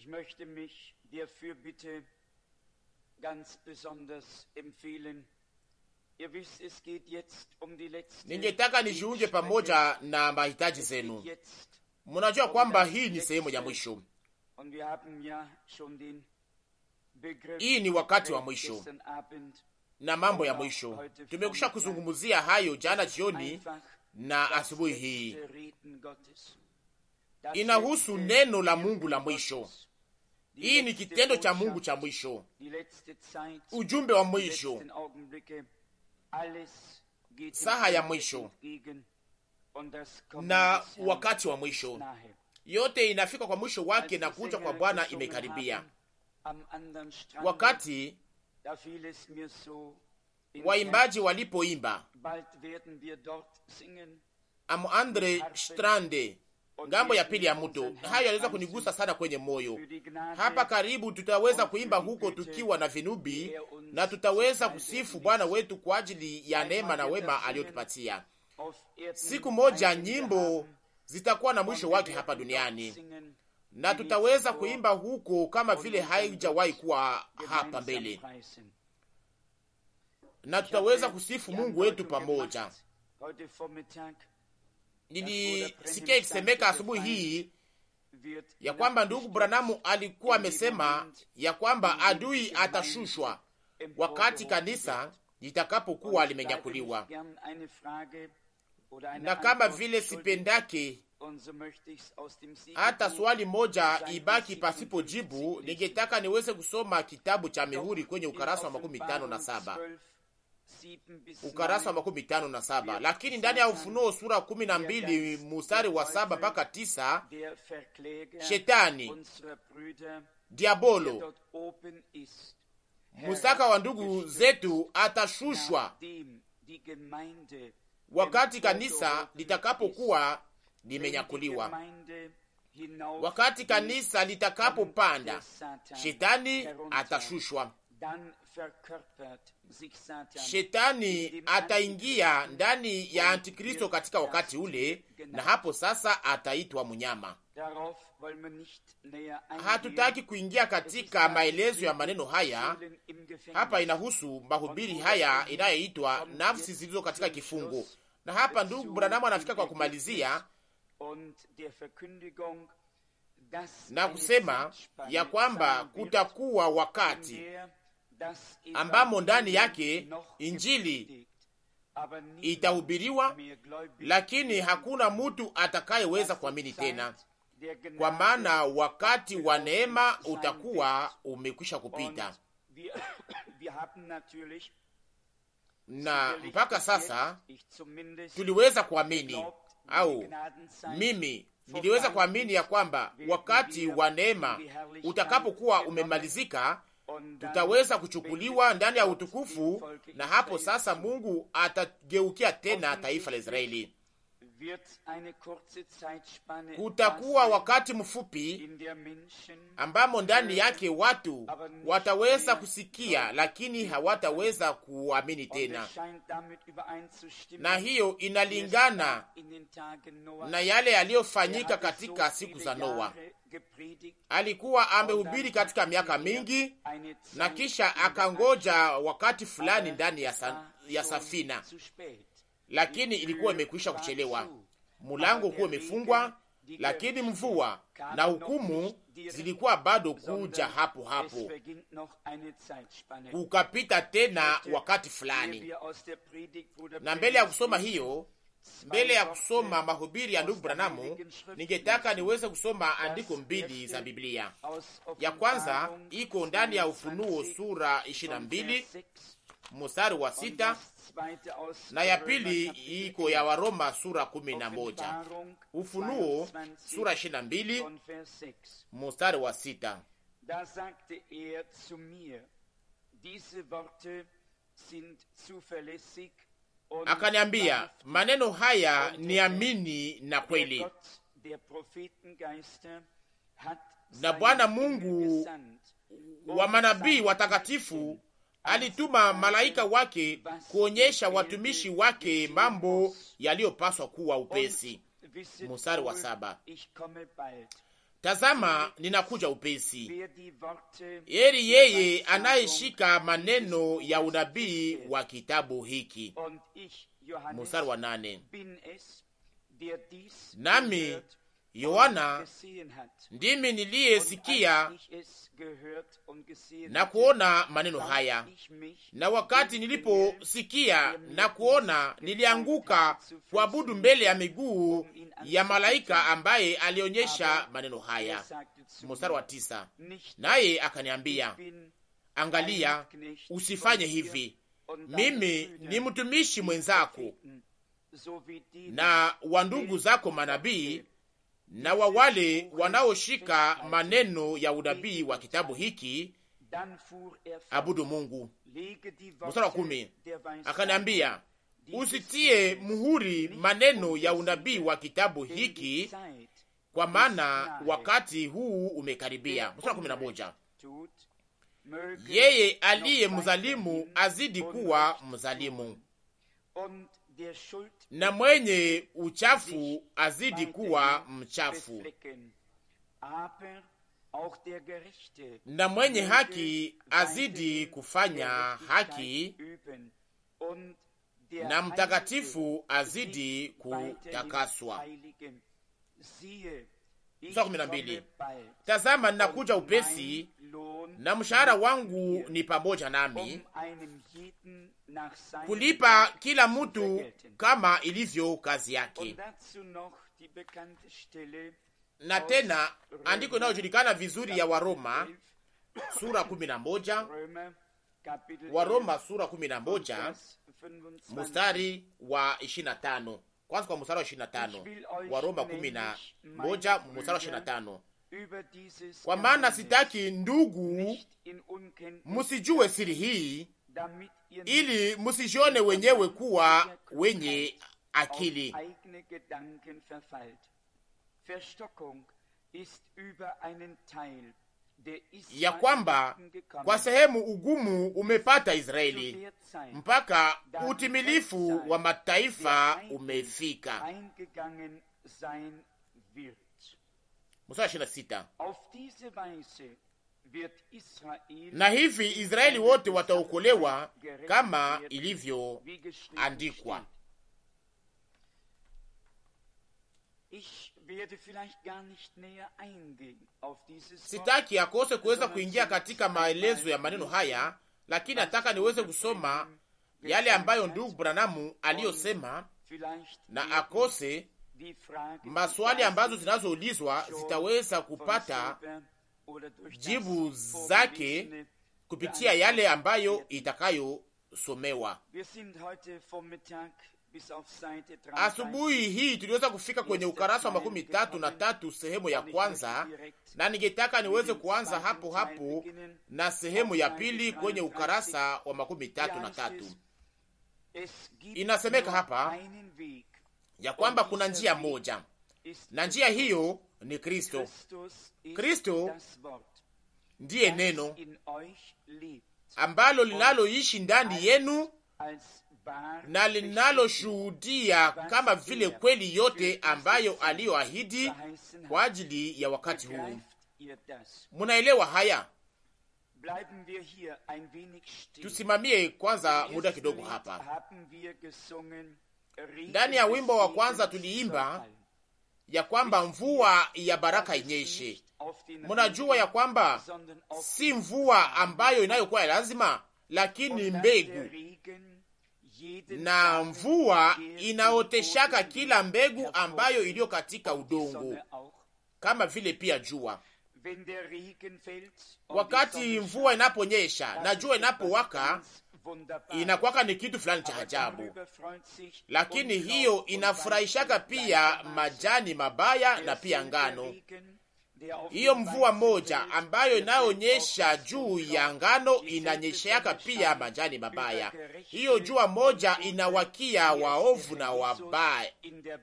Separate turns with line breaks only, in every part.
Ich möchte mich der Fürbitte ganz besonders empfehlen. Ihr wisst, es geht jetzt um die letzte. Ningetaka
nishuhuje pamoja na mahitaji zenu. Munajua um kwamba hii ni sehemu ya mwisho.
Hii ni wakati wa mwisho
na mambo ya mwisho. Tumekusha kuzungumzia hayo jana jioni na asubuhi hii, inahusu neno la Mungu la mwisho hii ni kitendo cha Mungu cha mwisho, ujumbe wa mwisho, saha ya mwisho na wakati wa mwisho. Yote inafika kwa mwisho wake na kuja kwa Bwana imekaribia. Wakati waimbaji walipoimba Am Strande ngambo ya pili ya mto. Hayo yaliweza kunigusa sana kwenye moyo. Hapa karibu tutaweza kuimba huko tukiwa na vinubi, na tutaweza kusifu Bwana wetu kwa ajili ya neema na wema aliyotupatia. Siku moja nyimbo zitakuwa na mwisho wake hapa duniani, na tutaweza kuimba huko kama vile haijawahi kuwa hapa mbele, na tutaweza kusifu Mungu wetu pamoja nilisikia ikisemeka asubuhi hii ya kwamba ndugu Branamu alikuwa amesema ya kwamba adui atashushwa wakati kanisa litakapokuwa limenyakuliwa,
na kama vile
sipendake
hata swali
moja ibaki pasipo jibu, ningetaka niweze kusoma kitabu cha Mihuri kwenye ukarasa wa makumi tano na saba ukarasa wa makumi tano na saba. Lakini ndani ya Ufunuo sura kumi na mbili mustari wa saba mpaka tisa,
shetani
diabolo musaka wa ndugu zetu atashushwa wakati kanisa litakapokuwa limenyakuliwa. Wakati kanisa litakapopanda,
shetani
atashushwa Shetani ataingia ndani ya Antikristo katika wakati ule, na hapo sasa ataitwa mnyama. Hatutaki kuingia katika maelezo ya maneno haya hapa, inahusu mahubiri haya inayoitwa nafsi zilizo katika kifungo. Na hapa ndugu Branamu anafika kwa kumalizia na kusema ya kwamba kutakuwa wakati
ambamo ndani yake
injili itahubiriwa, lakini hakuna mtu atakayeweza kuamini tena, kwa maana wakati wa neema utakuwa umekwisha kupita. Na mpaka sasa tuliweza kuamini au mimi niliweza kuamini ya kwamba wakati wa neema utakapokuwa umemalizika tutaweza kuchukuliwa ndani ya utukufu, na hapo sasa Mungu atageukia tena taifa la Israeli
kutakuwa
wakati mfupi ambamo ndani yake watu wataweza kusikia, lakini hawataweza kuamini tena, na hiyo inalingana na yale yaliyofanyika katika siku za Noa. Alikuwa amehubiri katika miaka er mingi na kisha akangoja wakati fulani ndani ya, sa, ya safina lakini ilikuwa imekwisha kuchelewa. mulango kuwa imefungwa lakini mvua na hukumu zilikuwa bado kuja hapo hapo,
kukapita
tena wakati fulani. Na mbele ya kusoma hiyo, mbele ya kusoma mahubiri ya ndugu Branamu, ningetaka niweze kusoma andiko mbili za Biblia. Ya kwanza iko ndani ya Ufunuo sura 22 mstari wa sita
na ya pili
iko ya Waroma sura kumi na moja
Ufunuo sura ishirini na mbili
mstari wa sita
er akaniambia, maneno
haya ni amini na kweli, na Bwana Mungu wa um manabii watakatifu alituma malaika wake kuonyesha watumishi wake mambo yaliyopaswa kuwa upesi. Mstari wa saba. Tazama, ninakuja upesi.
Heri yeye anayeshika
maneno ya unabii wa kitabu hiki. Mstari wa nane. Nami Yohana ndimi niliyesikia na kuona maneno haya, na wakati niliposikia na kuona, nilianguka kuabudu mbele ya miguu um ya malaika ambaye alionyesha maneno er haya. Mstari wa tisa, naye akaniambia, angalia, usifanye hivi, mimi ni mtumishi mwenzako na wa ndugu zako manabii na wa wale wanaoshika maneno ya unabii wa kitabu hiki abudu Mungu.
Mstari wa kumi akaniambia,
usitie muhuri maneno ya unabii wa kitabu hiki, kwa maana wakati huu umekaribia. Mstari wa kumi na moja
yeye aliye
mzalimu azidi kuwa mzalimu na mwenye uchafu azidi kuwa mchafu,
na mwenye haki
azidi kufanya haki,
na mtakatifu
azidi kutakaswa. Mstari kumi na mbili, tazama ninakuja upesi na mshahara wangu ni pamoja nami
kulipa
kila mtu kama ilivyo kazi yake. Na tena andiko inayojulikana vizuri ya Waroma sura kumi na moja Waroma sura kumi na moja
mstari
wa ishirini na tano kwanza kwa mstari wa 25 wa Roma 11 mstari wa 25, kwa maana sitaki ndugu musijue siri hii, ili musijione wenyewe kuwa wenye akili
ya kwamba kwa
sehemu ugumu umepata Israeli mpaka utimilifu wa mataifa umefika.
Na hivi Israeli
wote wataokolewa kama ilivyoandikwa.
Sitaki
akose kuweza kuingia katika maelezo ya maneno haya, lakini nataka niweze kusoma yale ambayo ndugu Branamu aliyosema na akose maswali ambazo zinazoulizwa zitaweza kupata
jibu zake
kupitia yale ambayo itakayosomewa.
Asubuhi
hii tuliweza kufika kwenye ukarasa wa makumi tatu na tatu sehemu ya kwanza, na ningetaka niweze kuanza hapo hapo na sehemu ya pili kwenye ukarasa wa makumi tatu na tatu. Inasemeka hapa ya kwamba kuna njia moja, na njia hiyo ni Kristo. Kristo ndiye neno ambalo linaloishi ndani yenu na linaloshuhudia kama vile kweli yote ambayo aliyoahidi kwa ajili ya wakati huu. Munaelewa haya? Tusimamie kwanza muda kidogo hapa.
Ndani ya wimbo wa
kwanza tuliimba ya kwamba mvua ya baraka inyeshe. Munajua ya kwamba si mvua ambayo inayokuwa lazima, lakini mbegu na mvua inaoteshaka kila mbegu ambayo iliyo katika udongo, kama vile pia jua. Wakati mvua inaponyesha na jua inapowaka inakwaka ni kitu fulani cha ajabu, lakini hiyo inafurahishaka pia majani mabaya na pia ngano hiyo mvua moja ambayo inayoonyesha juu ya ngano inanyesheaka pia majani mabaya. Hiyo jua moja inawakia waovu na wabaya,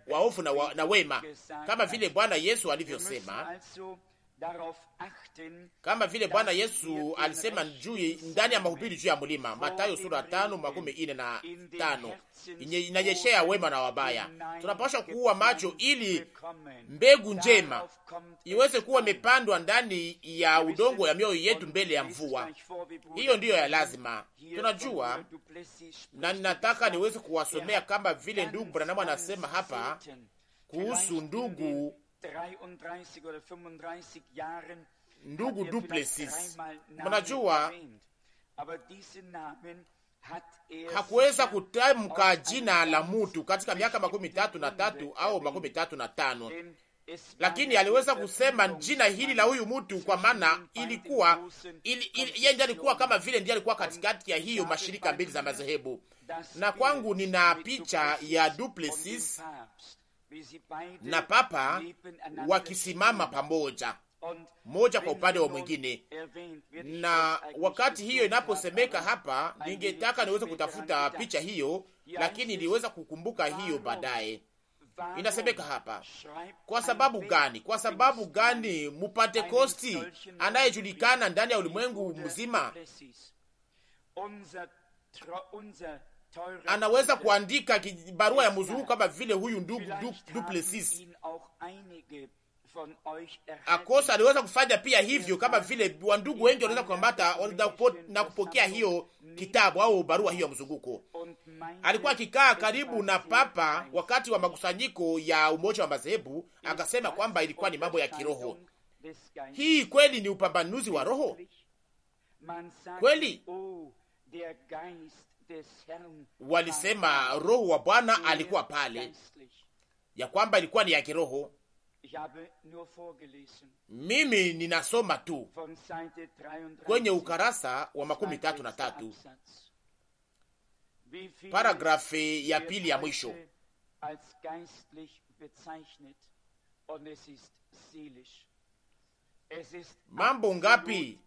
waovu na, wa, na wema, kama vile Bwana Yesu alivyosema kama vile Bwana Yesu alisema juu ndani ya mahubiri juu ya mlima, matayo sura tano makumi ine na tano inanyeshea wema na wabaya. tunapashwa kuwa macho ili mbegu njema iweze kuwa imepandwa ndani ya udongo ya mioyo yetu mbele ya mvua. Hiyo ndiyo ya lazima tunajua, na ninataka niweze kuwasomea er kama vile ndugu Branamu anasema hapa kuhusu ndugu ndugu er Duplessis. Mnajua
er hakuweza
kutamka jina la mutu katika miaka makumi tatu na tatu au makumi tatu na tano lakini aliweza kusema jina hili la huyu mtu kwa maana ilikuwa ili, ili, yeye ndiye alikuwa kama vile ndiye alikuwa katikati ya hiyo mashirika mbili za madhehebu. Na kwangu nina picha ya Duplessis na papa wakisimama pamoja moja kwa upande wa mwingine. Na wakati hiyo inaposemeka hapa, ningetaka niweze kutafuta picha hiyo, lakini niliweza kukumbuka hiyo baadaye. Inasemeka hapa kwa sababu gani? Kwa sababu gani mupatekosti anayejulikana ndani ya ulimwengu mzima anaweza kuandika barua ya mzunguko kama vile huyu ndugu Duplessis akosa aliweza kufanya pia hivyo, kama vile wandugu wengi wanaweza kuambata na kupokea hiyo kitabu au barua hiyo ya mzunguko. Alikuwa akikaa karibu na Papa wakati wa makusanyiko ya umoja wa madhehebu, akasema kwamba ilikuwa ni mambo ya kiroho. Hii kweli ni upambanuzi wa roho kweli oh, walisema roho wa Bwana alikuwa pale, ya kwamba ilikuwa ni ya kiroho. Mimi ninasoma tu kwenye ukarasa wa makumi tatu na tatu
paragrafi ya pili ya mwisho
mambo ngapi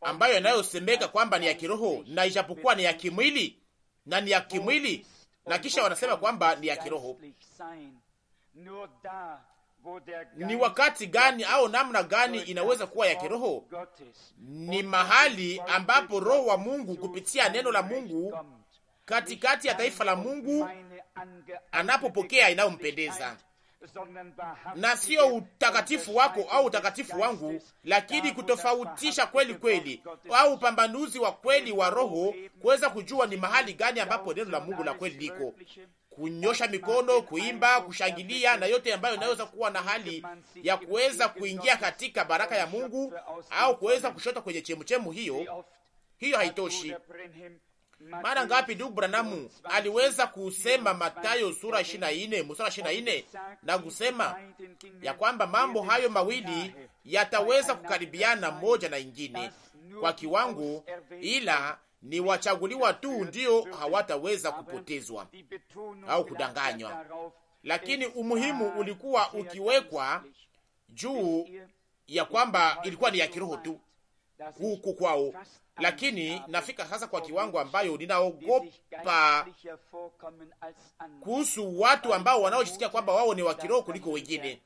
ambayo yanayosemeka kwamba ni ya kiroho, na ijapokuwa ni ya kimwili na ni ya kimwili, na kisha wanasema kwamba ni ya kiroho.
Ni wakati gani au namna gani inaweza kuwa ya kiroho?
Ni mahali ambapo roho wa Mungu kupitia neno la Mungu katikati ya taifa la Mungu anapopokea inayompendeza na sio utakatifu wako au utakatifu wangu, lakini kutofautisha kweli kweli au upambanuzi wa kweli wa roho, kuweza kujua ni mahali gani ambapo neno la Mungu la kweli liko, kunyosha mikono, kuimba, kushangilia na yote ambayo inaweza kuwa na hali ya kuweza kuingia katika baraka ya Mungu au kuweza kushota kwenye chemuchemu hiyo hiyo haitoshi. Mara ngapi ndugu Branamu aliweza kusema matayo sura 24 mstari 24 na kusema ya kwamba mambo hayo mawili yataweza kukaribiana moja na ingine kwa kiwango, ila ni wachaguliwa tu ndio hawataweza kupotezwa au kudanganywa. Lakini umuhimu ulikuwa ukiwekwa juu ya kwamba ilikuwa ni ya kiroho tu huku kwao lakini nafika sasa kwa kiwango ambayo ninaogopa kuhusu watu ambao wanaojisikia kwamba wao ni wa kiroho kuliko wengine,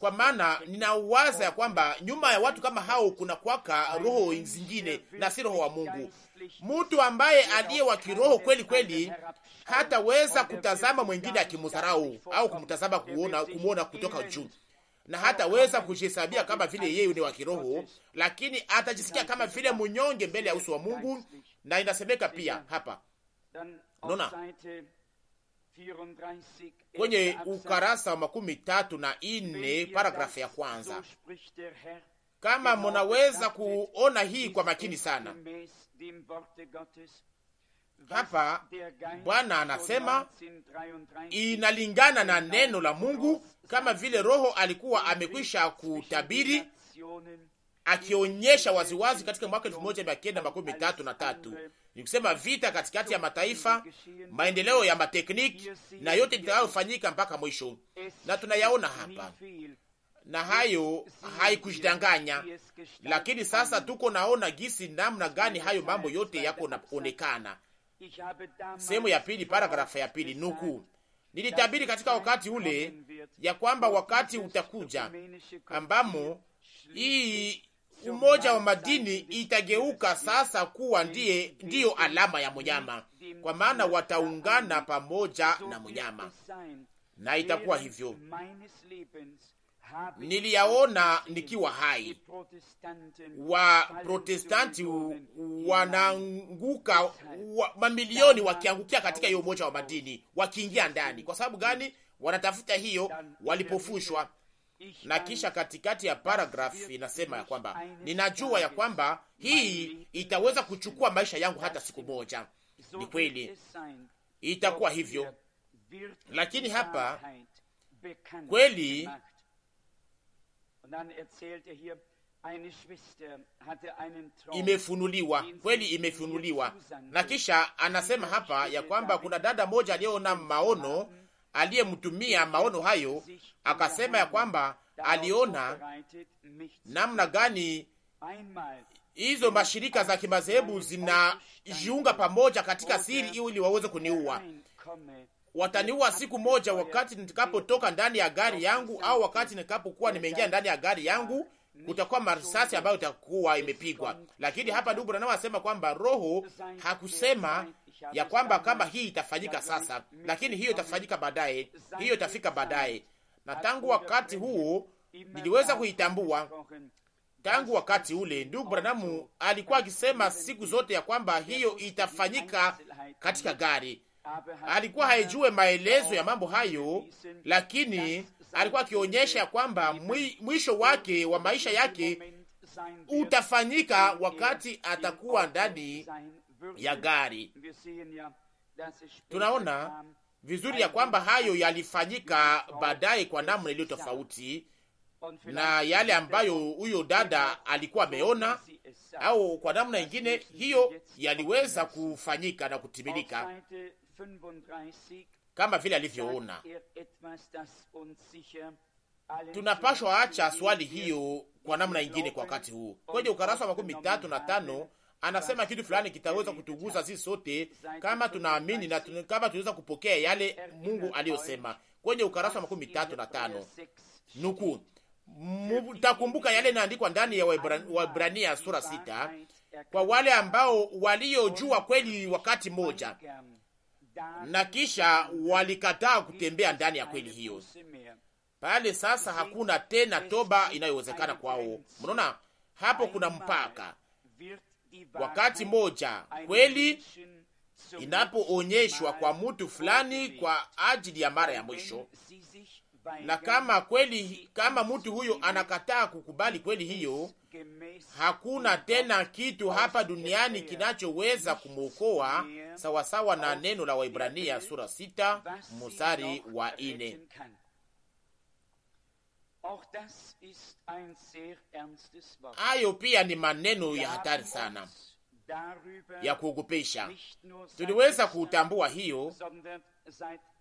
kwa maana ninawaza ya kwamba nyuma ya watu kama hao kuna kwaka roho zingine na si roho wa Mungu. Mtu ambaye aliye wa kiroho kweli kweli hataweza kutazama mwengine akimdharau au kumtazama kumwona kutoka juu na hataweza kujihesabia kama vile yeye ni wa kiroho, lakini atajisikia kama vile mnyonge mbele ya uso wa Mungu. Na inasemeka pia hapa,
nona kwenye ukarasa
wa makumi tatu na ine paragrafu ya kwanza, kama munaweza kuona hii kwa makini sana hapa
Bwana anasema
inalingana na neno la Mungu, kama vile Roho alikuwa amekwisha kutabiri akionyesha waziwazi katika mwaka elfu moja mia kenda makumi tatu na tatu ni kusema vita katikati ya mataifa, maendeleo ya matekniki na yote itakayofanyika mpaka mwisho, na tunayaona hapa na hayo haikujidanganya. Lakini sasa tuko naona gisi namna gani hayo mambo yote yako naonekana sehemu ya pili, paragrafa ya pili, nuku: Nilitabiri katika wakati ule ya kwamba wakati utakuja ambamo hii umoja wa madini itageuka sasa kuwa ndiye ndiyo alama ya mnyama, kwa maana wataungana pamoja na mnyama, na itakuwa hivyo niliyaona nikiwa hai. Waprotestanti wanaanguka wa, mamilioni wakiangukia katika hiyo umoja wa madini, wakiingia ndani. Kwa sababu gani? Wanatafuta hiyo walipofushwa. Na kisha katikati ya paragraf inasema ya kwamba ninajua ya kwamba hii itaweza kuchukua maisha yangu hata siku moja. Ni kweli itakuwa hivyo,
lakini hapa kweli Er
imefunuliwa kweli, imefunuliwa. Na kisha anasema hapa ya kwamba kuna dada moja aliyeona maono, aliyemtumia maono hayo, akasema ya kwamba aliona namna gani hizo mashirika za kimadhehebu zinajiunga pamoja katika siri ili waweze kuniua wataniua siku moja, wakati nitakapotoka ndani ya gari yangu au wakati nitakapokuwa nimeingia ndani ya gari yangu, kutakuwa marisasi ambayo itakuwa imepigwa. Lakini hapa ndugu Branham asema kwamba Roho hakusema ya kwamba kama hii itafanyika sasa, lakini hiyo itafanyika baadaye, hiyo itafika baadaye. Na tangu wakati huo
niliweza
kuitambua tangu wakati ule. Ndugu Branham alikuwa akisema siku zote ya kwamba hiyo itafanyika katika gari alikuwa haijue maelezo ya mambo hayo, lakini alikuwa akionyesha kwamba mwisho wake wa maisha yake utafanyika wakati atakuwa ndani
ya gari.
Tunaona vizuri ya kwamba hayo yalifanyika baadaye kwa namna iliyo tofauti na yale ambayo huyo dada alikuwa ameona, au kwa namna ingine hiyo yaliweza kufanyika na kutimilika kama vile alivyoona.
Tunapashwa
acha swali hiyo kwa namna ingine kwa wakati huu. Kwenye ukarasa wa makumi tatu na tano anasema kitu fulani kitaweza kutugusa sisi sote kama tunaamini na tun kama tunaweza kupokea yale er Mungu aliyosema kwenye ukarasa wa makumi tatu na tano nuku mtakumbuka yale inaandikwa ndani ya Waebrania sura sita kwa wale ambao waliojua kweli wakati mmoja na kisha walikataa kutembea ndani ya kweli hiyo. Pale sasa hakuna tena toba inayowezekana kwao. Mnaona hapo kuna mpaka. Wakati moja kweli inapoonyeshwa kwa mtu fulani kwa ajili ya mara ya mwisho, na kama kweli, kama mtu huyo anakataa kukubali kweli hiyo, hakuna tena kitu hapa duniani kinachoweza kumwokoa sawasawa na neno la Waibrania sura sita mstari wa ine.
Hayo pia ni maneno ya hatari sana ya
kuogopesha. Tuliweza kutambua hiyo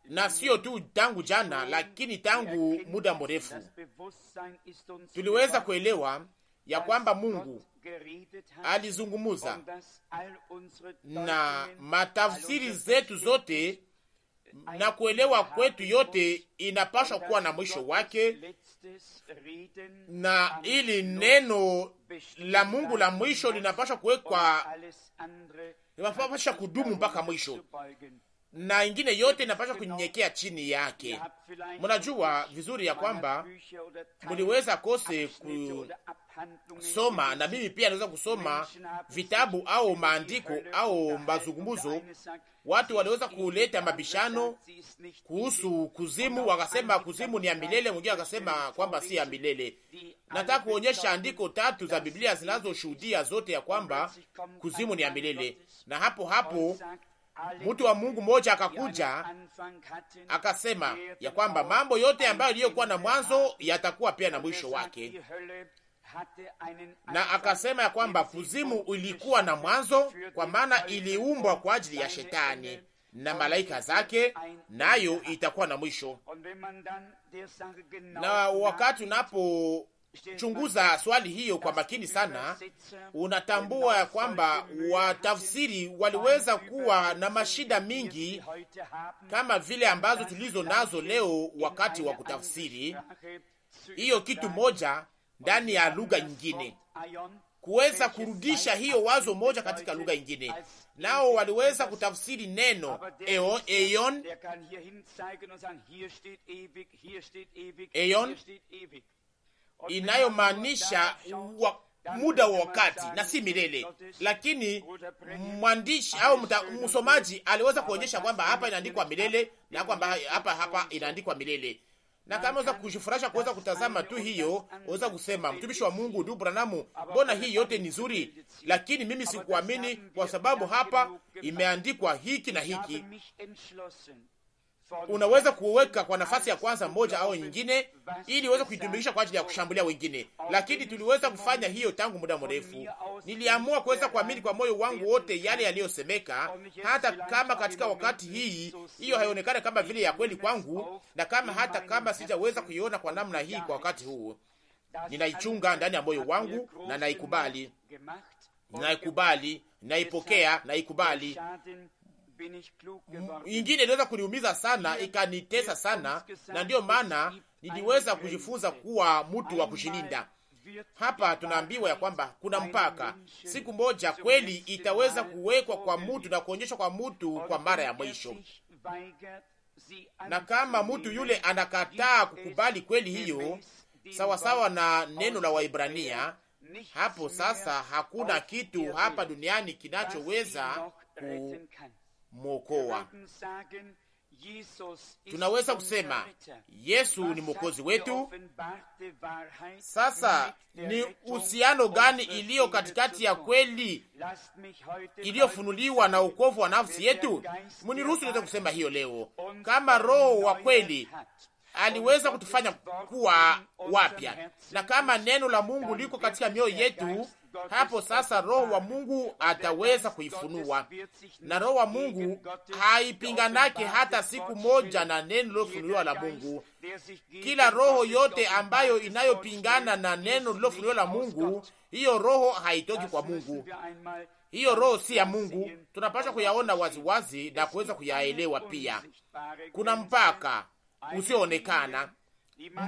na sio tu tangu jana, lakini tangu muda mrefu tuliweza kuelewa ya kwamba Mungu
alizungumuza
na matafsiri zetu zote na kuelewa kwetu yote inapashwa um kuwa na mwisho wake, na ili neno la Mungu la mwisho linapashwa kuwekwa, um linapashwa kudumu mpaka mwisho, na ingine yote inapaswa kunyenyekea chini yake. Mnajua vizuri ya kwamba mliweza kose kusoma, na mimi pia naweza kusoma vitabu au maandiko au mazungumzo. Watu waliweza kuleta mabishano kuhusu kuzimu, wakasema kuzimu ni ya milele, mwingine wakasema kwamba si ya milele. Nataka kuonyesha andiko tatu za Biblia zinazoshuhudia zote ya kwamba kuzimu ni ya milele, na hapo hapo mtu wa Mungu mmoja akakuja
akasema
ya kwamba mambo yote ambayo yaliyokuwa na mwanzo yatakuwa pia na mwisho wake, na akasema ya kwamba kuzimu ilikuwa na mwanzo, kwa maana iliumbwa kwa ajili ya Shetani na malaika zake, nayo itakuwa na mwisho. Na wakati unapo chunguza swali hiyo kwa makini sana, unatambua ya kwamba watafsiri waliweza kuwa na mashida mingi kama vile ambazo tulizo nazo leo wakati wa kutafsiri hiyo kitu moja ndani ya lugha nyingine, kuweza kurudisha hiyo wazo moja katika lugha nyingine. Nao waliweza kutafsiri neno eon, eon, eon inayomaanisha wa muda wa wakati na si milele, lakini mwandishi au msomaji aliweza kuonyesha kwamba hapa inaandikwa milele na kwamba hapa hapa inaandikwa milele na kama weza kujifurahisha kuweza kutazama tu hiyo, weza kusema mtumishi wa Mungu ndugu Branamu, mbona hii yote ni nzuri, lakini mimi sikuamini, kwa sababu hapa imeandikwa hiki na hiki, unaweza kuweka kwa nafasi ya kwanza moja au nyingine, ili uweze kuitumikisha kwa ajili ya kushambulia wengine. Lakini tuliweza kufanya hiyo tangu muda mrefu. Niliamua kuweza kuamini kwa moyo wangu wote yale yaliyosemeka, hata kama katika wakati hii hiyo haionekana kama vile ya kweli kwangu, na kama hata kama sijaweza kuiona kwa namna hii kwa wakati huu, ninaichunga ndani ya moyo wangu na naikubali, naikubali, naipokea, naikubali nyingine iliweza kuniumiza sana, ikanitesa sana, na ndiyo maana niliweza kujifunza kuwa mtu wa kushilinda. Hapa tunaambiwa ya kwamba kuna mpaka siku moja kweli itaweza kuwekwa kwa mutu na kuonyeshwa kwa mutu kwa mara ya er mwisho, na kama mutu yule anakataa kukubali kweli hiyo, sawasawa sawa na neno la Waibrania, hapo sasa hakuna kitu hapa duniani kinachoweza ku mwokoa.
Tunaweza kusema
Yesu ni mwokozi wetu. Sasa ni uhusiano gani iliyo katikati ya kweli iliyofunuliwa na ukovu wa nafsi yetu? Mniruhusu niweze kusema hiyo leo, kama Roho wa kweli aliweza kutufanya kuwa wapya, na kama neno la Mungu liko katika mioyo yetu hapo sasa Roho wa Mungu ataweza kuifunua, na Roho wa Mungu haipinganake hata siku moja na neno lilofunuliwa la Mungu. Kila roho yote ambayo inayopingana na neno lilofunuliwa la Mungu, hiyo roho haitoki kwa Mungu, hiyo roho si ya Mungu. Tunapasha kuyaona waziwazi na kuweza kuyaelewa pia. Kuna mpaka usioonekana,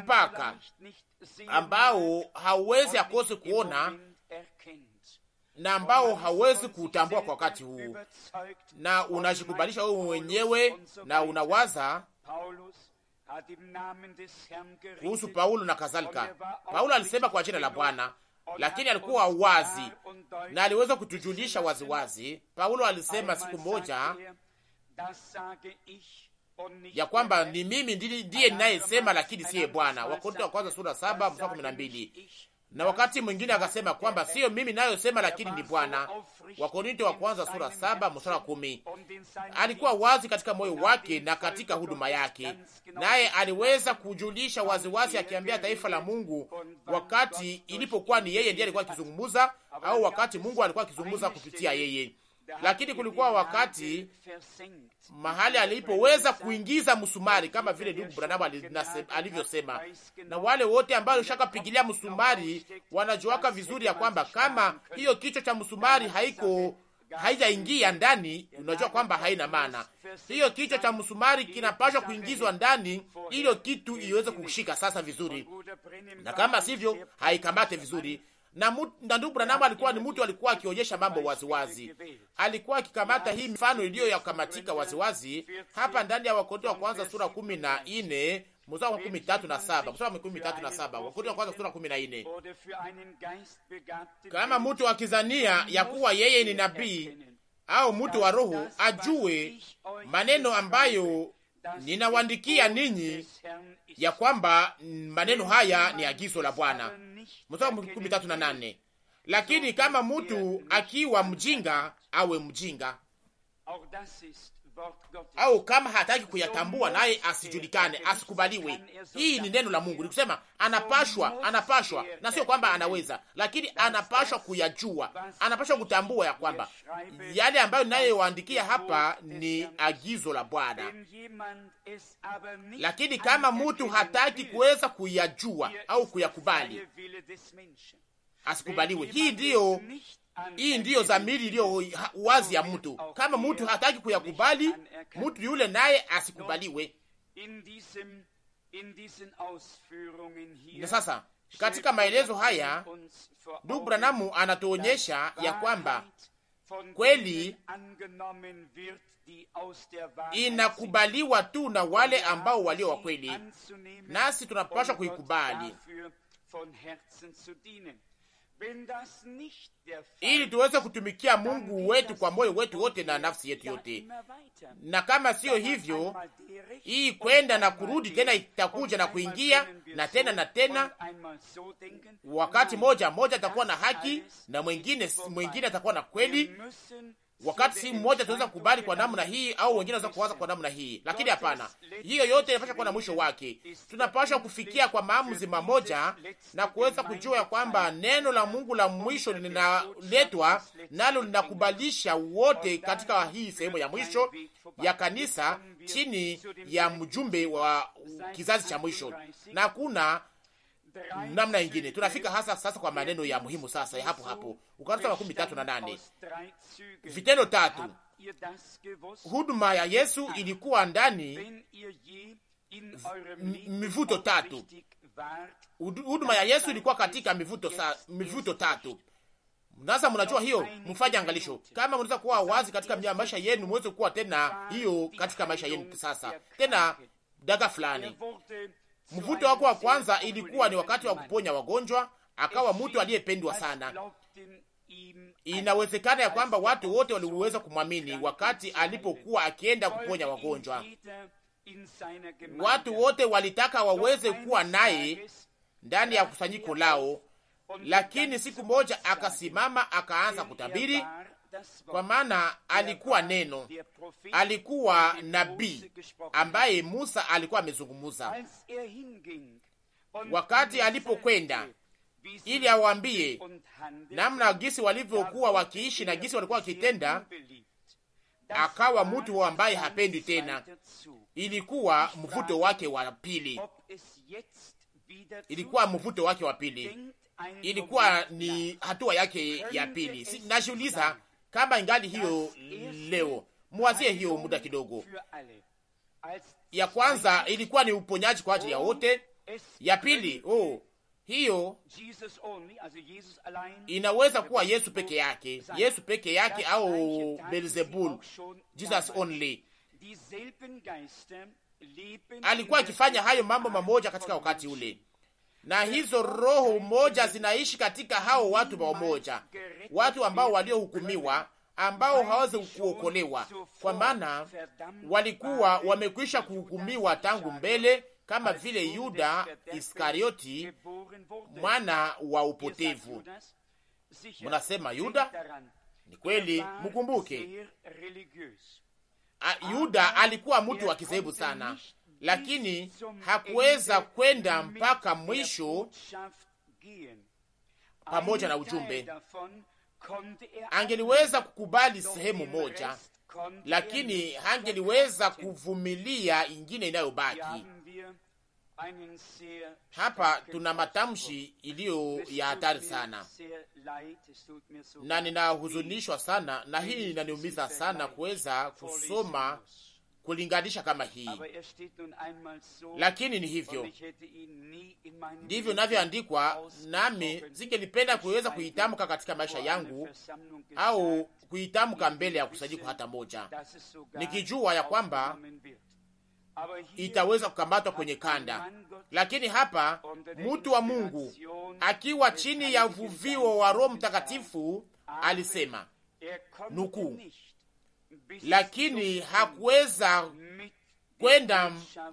mpaka ambao hauwezi akose kuona na ambao hawezi kutambua kwa wakati huu, na unajikubalisha wewe mwenyewe na unawaza kuhusu Paulo na kadhalika. Paulo alisema kwa jina la Bwana, lakini alikuwa wazi na aliweza kutujulisha waziwazi. Paulo alisema siku moja ya kwamba ni mimi ndiye ninayesema, lakini siye Bwana. Wakorintho wa kwanza sura saba mstari kumi na mbili na wakati mwingine akasema kwamba siyo mimi nayosema, lakini ni Bwana. Wakorinto wa kwanza sura saba mstari kumi. Alikuwa wazi katika moyo wake na katika huduma yake, naye aliweza kujulisha waziwazi, akiambia taifa la Mungu wakati ilipokuwa ni yeye ndiye alikuwa akizungumuza, au wakati Mungu alikuwa akizungumuza kupitia yeye lakini kulikuwa wakati mahali alipoweza kuingiza msumari kama vile ndugu Branamu alivyosema, na wale wote ambao shakapigilia msumari wanajuaka vizuri ya kwamba kama hiyo kichwa cha msumari haiko haijaingia ndani, unajua kwamba haina maana. Hiyo kichwa cha msumari kinapashwa kuingizwa ndani, ilo kitu iweze kushika sasa vizuri, na kama sivyo haikamate vizuri na ndugu Branham alikuwa ni mtu, alikuwa akionyesha mambo waziwazi, alikuwa akikamata hii mifano iliyo ya kukamatika waziwazi hapa ndani ya Wakorinto wa kwanza sura kumi na nne mstari wa kumi tatu na saba mstari wa kumi tatu na saba wa kwanza sura kumi na nne Kama mtu akizania ya kuwa yeye ni nabii au mtu wa Roho, ajue maneno ambayo ninawaandikia ninyi, ya kwamba maneno haya ni agizo la Bwana mstari wa kumi tatu na nane lakini kama mtu akiwa mjinga awe mjinga au kama hataki kuyatambua naye asijulikane, asikubaliwe. Hii ni neno la Mungu, ni kusema anapashwa, anapashwa, na sio kwamba anaweza, lakini anapashwa kuyajua, anapashwa kutambua ya kwamba yale ambayo ninayoandikia hapa ni agizo la Bwana. Lakini kama mtu hataki kuweza kuyajua au kuyakubali, asikubaliwe. Hii ndiyo hii ndiyo zamiri iliyo wazi ya mtu. Kama mtu hataki kuyakubali, mtu yule naye asikubaliwe. Na sasa katika maelezo haya ndugu Branamu anatuonyesha ya kwamba kweli inakubaliwa tu na wale ambao walio wa kweli, nasi tunapashwa kuikubali ili tuweze kutumikia Mungu wetu kwa moyo wetu wote na nafsi yetu yote. Na kama siyo hivyo, hii kwenda na kurudi tena itakuja na kuingia na tena na tena. Wakati moja moja atakuwa na haki na mwengine atakuwa na kweli, Wakati si mmoja tunaweza kukubali kwa namna hii au wengine wanaweza kuwaza kwa namna hii, lakini hapana, hiyo yote inapasha kuwa na mwisho wake. tunapashwa kufikia kwa maamuzi mamoja na kuweza kujua ya kwamba neno la Mungu la mwisho linaletwa nalo linakubalisha wote katika hii sehemu ya mwisho ya kanisa chini ya mjumbe wa kizazi cha mwisho na kuna namna ingine. Tunafika hasa sasa kwa maneno ya muhimu sasa ya hapo hapo, ukarasa wa makumi tatu na nane vitendo tatu. Huduma ya Yesu ilikuwa ndani mivuto tatu. Huduma ya Yesu ilikuwa katika mivuto, sa, mivuto tatu. Sasa mnajua hiyo, mfanye angalisho kama mnaweza kuwa wazi katika maisha yenu, mweze kuwa tena hiyo katika maisha yenu sasa, tena daga fulani Mvuto wako wa kwanza ilikuwa ni wakati wa kuponya wagonjwa, akawa mtu aliyependwa sana. Inawezekana ya kwamba watu wote waliweza kumwamini wakati alipokuwa akienda kuponya wagonjwa. Watu wote walitaka waweze kuwa naye ndani ya kusanyiko lao, lakini siku moja akasimama, akaanza kutabiri kwa maana alikuwa neno, alikuwa nabii ambaye Musa alikuwa amezungumuza wakati alipokwenda ili awaambie namna gisi walivyokuwa wakiishi na gisi walikuwa wakitenda. Akawa mtu ambaye hapendi tena. Ilikuwa mvuto wake wa pili, ilikuwa mvuto wake wa pili, ilikuwa ni hatua yake ya pili. Si, najiuliza kama ingali hiyo leo. Mwazie hiyo muda kidogo. Ya kwanza ilikuwa ni uponyaji kwa ajili ya wote. Ya pili, oh, hiyo inaweza kuwa Yesu peke yake, Yesu peke yake au Beelzebul, Jesus only. Alikuwa akifanya hayo mambo mamoja katika wakati ule na hizo roho moja zinaishi katika hao watu wamoja, watu ambao waliohukumiwa, ambao hawezi kuokolewa, kwa maana walikuwa wamekwisha kuhukumiwa tangu mbele, kama vile Yuda Iskarioti, mwana wa upotevu. Mnasema Yuda? Ni kweli, mkumbuke Yuda alikuwa mtu wa kizehebu sana lakini hakuweza kwenda mpaka mwisho pamoja na ujumbe. Angeliweza kukubali sehemu moja,
lakini
hangeliweza kuvumilia ingine inayobaki. Hapa tuna matamshi iliyo ya hatari sana, na ninahuzunishwa sana, na hii inaniumiza sana kuweza kusoma kulinganisha kama hii, er lakini ni hivyo ndivyo navyoandikwa, nami zingelipenda kuweza kuitamka katika maisha yangu au kuitamka mbele ya kusanyiko hata moja, nikijua ya kwamba itaweza kukamatwa kwenye kanda. Lakini hapa mtu wa Mungu akiwa chini ya uvuvio wa Roho Mtakatifu alisema er nukuu lakini hakuweza kwenda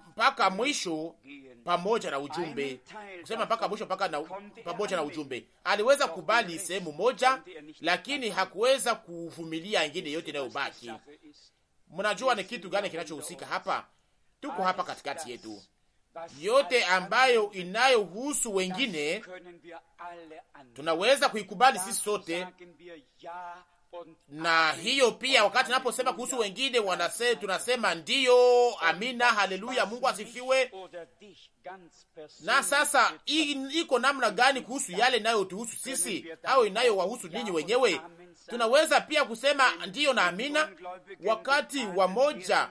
mpaka mwisho pamoja na ujumbe, kusema mpaka mwisho mpaka na, pamoja na ujumbe. Aliweza kubali sehemu moja, lakini hakuweza kuvumilia ingine yote inayobaki. Mnajua ni kitu gani kinachohusika hapa? Tuko hapa katikati yetu, yote ambayo inayohusu wengine tunaweza kuikubali sisi sote na hiyo pia, wakati naposema kuhusu wengine wanase, tunasema ndiyo, amina, haleluya, Mungu asifiwe. Na sasa iko namna gani kuhusu yale inayotuhusu sisi au inayowahusu ninyi wenyewe? Tunaweza pia kusema ndiyo na amina wakati wamoja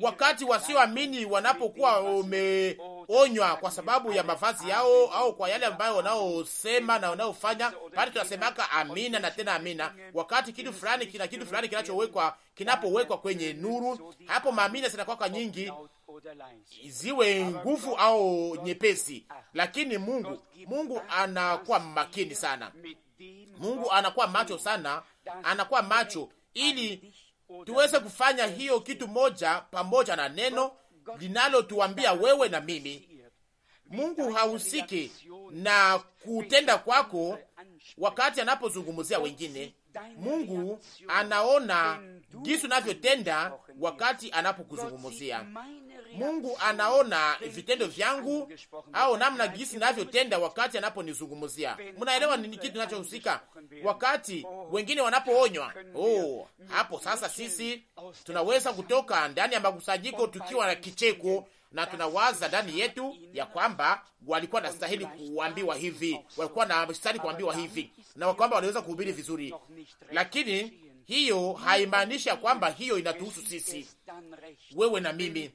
wakati wasioamini wanapokuwa wameonywa kwa sababu ya mavazi yao au kwa yale ambayo wanaosema na wanaofanya, bali tunasemaka amina na tena amina. Wakati kitu fulani kina kitu fulani kinachowekwa kinapowekwa kwenye nuru, hapo maamina zinakwaka nyingi, ziwe nguvu au nyepesi. Lakini Mungu, Mungu anakuwa makini sana, Mungu anakuwa macho sana, anakuwa macho ili tuweze kufanya hiyo kitu moja pamoja na neno linalotuambia wewe na mimi. Mungu hahusiki na kutenda kwako wakati anapozungumzia wengine. Mungu anaona jinsi unavyotenda wakati anapokuzungumzia. Mungu anaona vitendo vyangu au namna gisi navyotenda wakati anaponizungumzia. Mnaelewa nini kitu nachohusika wakati wengine wanapoonywa? Oh, hapo sasa sisi tunaweza kutoka ndani ya makusanyiko tukiwa na kicheko na tunawaza ndani yetu ya kwamba walikuwa nastahili kuambiwa hivi, walikuwa nastahili kuambiwa hivi, na kwamba waliweza kuhubiri vizuri, lakini hiyo haimaanishi ya kwamba hiyo inatuhusu sisi, wewe na mimi.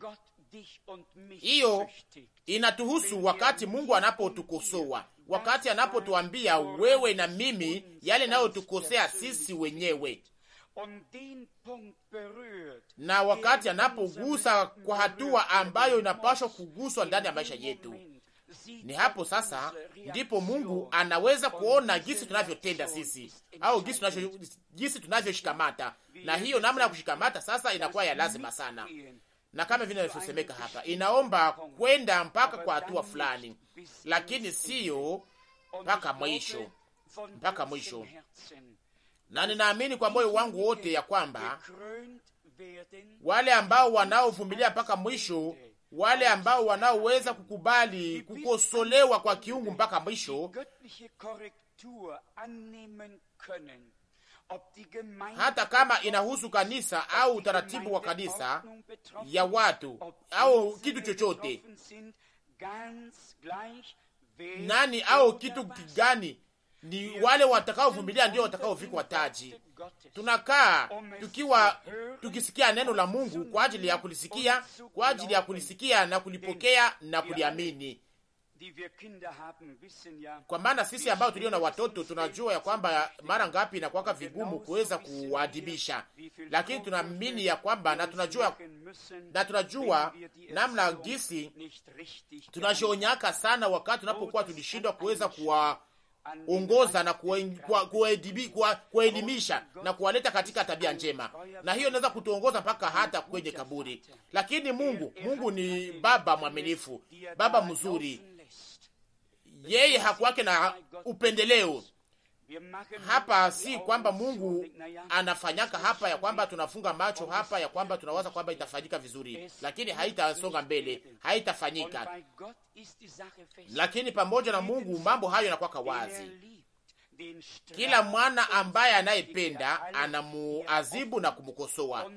Hiyo inatuhusu wakati Mungu anapotukosoa, wakati anapotuambia wewe na mimi yale nayotukosea sisi wenyewe, na wakati anapogusa kwa hatua ambayo inapaswa kuguswa ndani ya maisha yetu. Ni hapo er sasa ndipo Mungu anaweza kuona jinsi tunavyotenda sisi au jisi jinsi tunavyoshikamata, na hiyo namna ya kushikamata sasa inakuwa ya lazima sana, na kama vinavyosemeka hapa, inaomba kwenda mpaka kwa hatua fulani, lakini siyo mpaka mwisho, mpaka mwisho. Na ninaamini kwa moyo wangu wote ya kwamba wale ambao wanaovumilia mpaka mwisho, wale ambao wanaoweza kukubali kukosolewa kwa kiungu mpaka mwisho
hata kama
inahusu kanisa au utaratibu wa kanisa ya watu au kitu chochote nani au kitu kigani ni wale watakaovumilia ndio watakaovikwa taji.
Tunakaa tukiwa
tukisikia neno la Mungu kwa ajili ya kulisikia, kwa ajili ya kulisikia na kulipokea na kuliamini. Kwa maana sisi ambao tulio na watoto tunajua ya kwamba mara ngapi inakuwaka vigumu kuweza kuwaadibisha lakini tunaamini ya kwamba na tunajua na tunajua namna gisi tunashonyaka sana wakati tunapokuwa tulishindwa kuweza kuwaongoza na kuwaelimisha na kuwaleta katika tabia njema, na hiyo inaweza kutuongoza mpaka hata kwenye kaburi. Lakini Mungu, Mungu ni baba mwaminifu, baba mzuri yeye hakuwake na upendeleo
hapa. Si kwamba
Mungu anafanyaka hapa ya kwamba tunafunga macho hapa ya kwamba tunawaza kwamba itafanyika vizuri, lakini haitasonga mbele, haitafanyika. Lakini pamoja na Mungu mambo hayo yanakuwa wazi. Kila mwana ambaye anayependa anamuazibu na kumkosoa.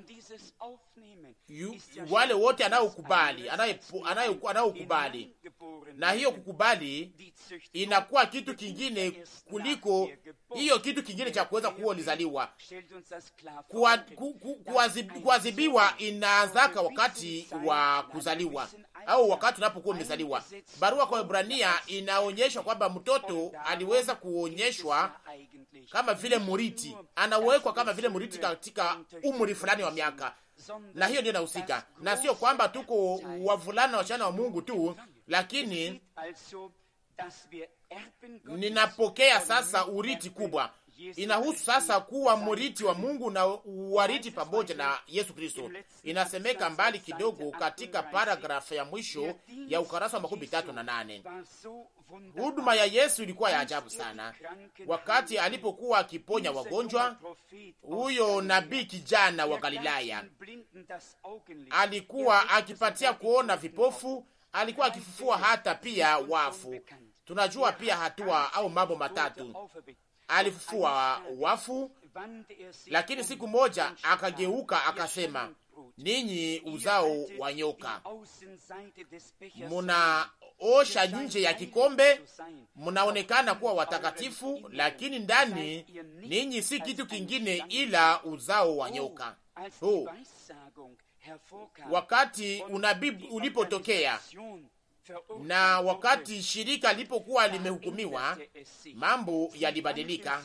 Wale wote anayokubali anayokubali na hiyo kukubali inakuwa kitu kingine kuliko hiyo kitu kingine cha kuweza kuwa kuolizaliwa kuadhibiwa ku, ku, inaanzaka wakati wa kuzaliwa au wakati unapokuwa umezaliwa. Barua kwa Ibrania inaonyesha kwamba mtoto aliweza kuonyeshwa kama vile muriti, anawekwa kama vile muriti katika umri fulani wa miaka, na hiyo ndio inahusika na sio kwamba tuko wavulana wachana wa Mungu tu, lakini ninapokea sasa uriti kubwa. Inahusu sasa kuwa muriti wa Mungu na uwariti pamoja na Yesu Kristo. Inasemeka mbali kidogo katika paragrafu ya mwisho ya ukarasa wa makumi tatu na nane. Huduma ya Yesu ilikuwa ya ajabu sana, wakati alipokuwa akiponya wagonjwa. Huyo nabii kijana wa Galilaya alikuwa akipatia kuona vipofu alikuwa akifufua hata pia wafu. Tunajua pia hatua au mambo matatu alifufua wafu, lakini siku moja akageuka akasema, ninyi uzao wa nyoka, munaosha nje ya kikombe, mnaonekana kuwa watakatifu, lakini ndani ninyi si kitu kingine ila uzao wa nyoka. Oh, wakati unabii ulipotokea na wakati shirika lilipokuwa limehukumiwa, mambo yalibadilika.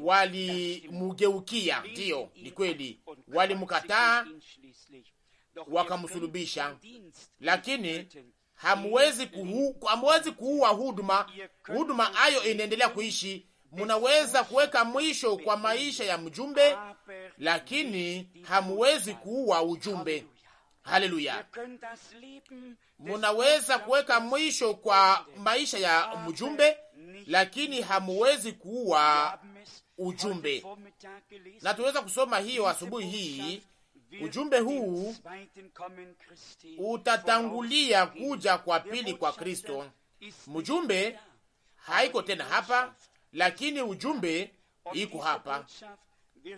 Walimugeukia, ndiyo, ni kweli, walimkataa, wakamsulubisha. Lakini hamwezi kuua huduma, huduma ayo inaendelea kuishi munaweza kuweka mwisho kwa maisha ya mjumbe, lakini hamuwezi kuua ujumbe. Haleluya! munaweza kuweka mwisho kwa maisha ya mjumbe, lakini hamuwezi kuua ujumbe. Na tuweza kusoma hiyo asubuhi hii. Ujumbe huu utatangulia kuja kwa pili kwa Kristo. Mjumbe haiko tena hapa, lakini ujumbe iko hapa,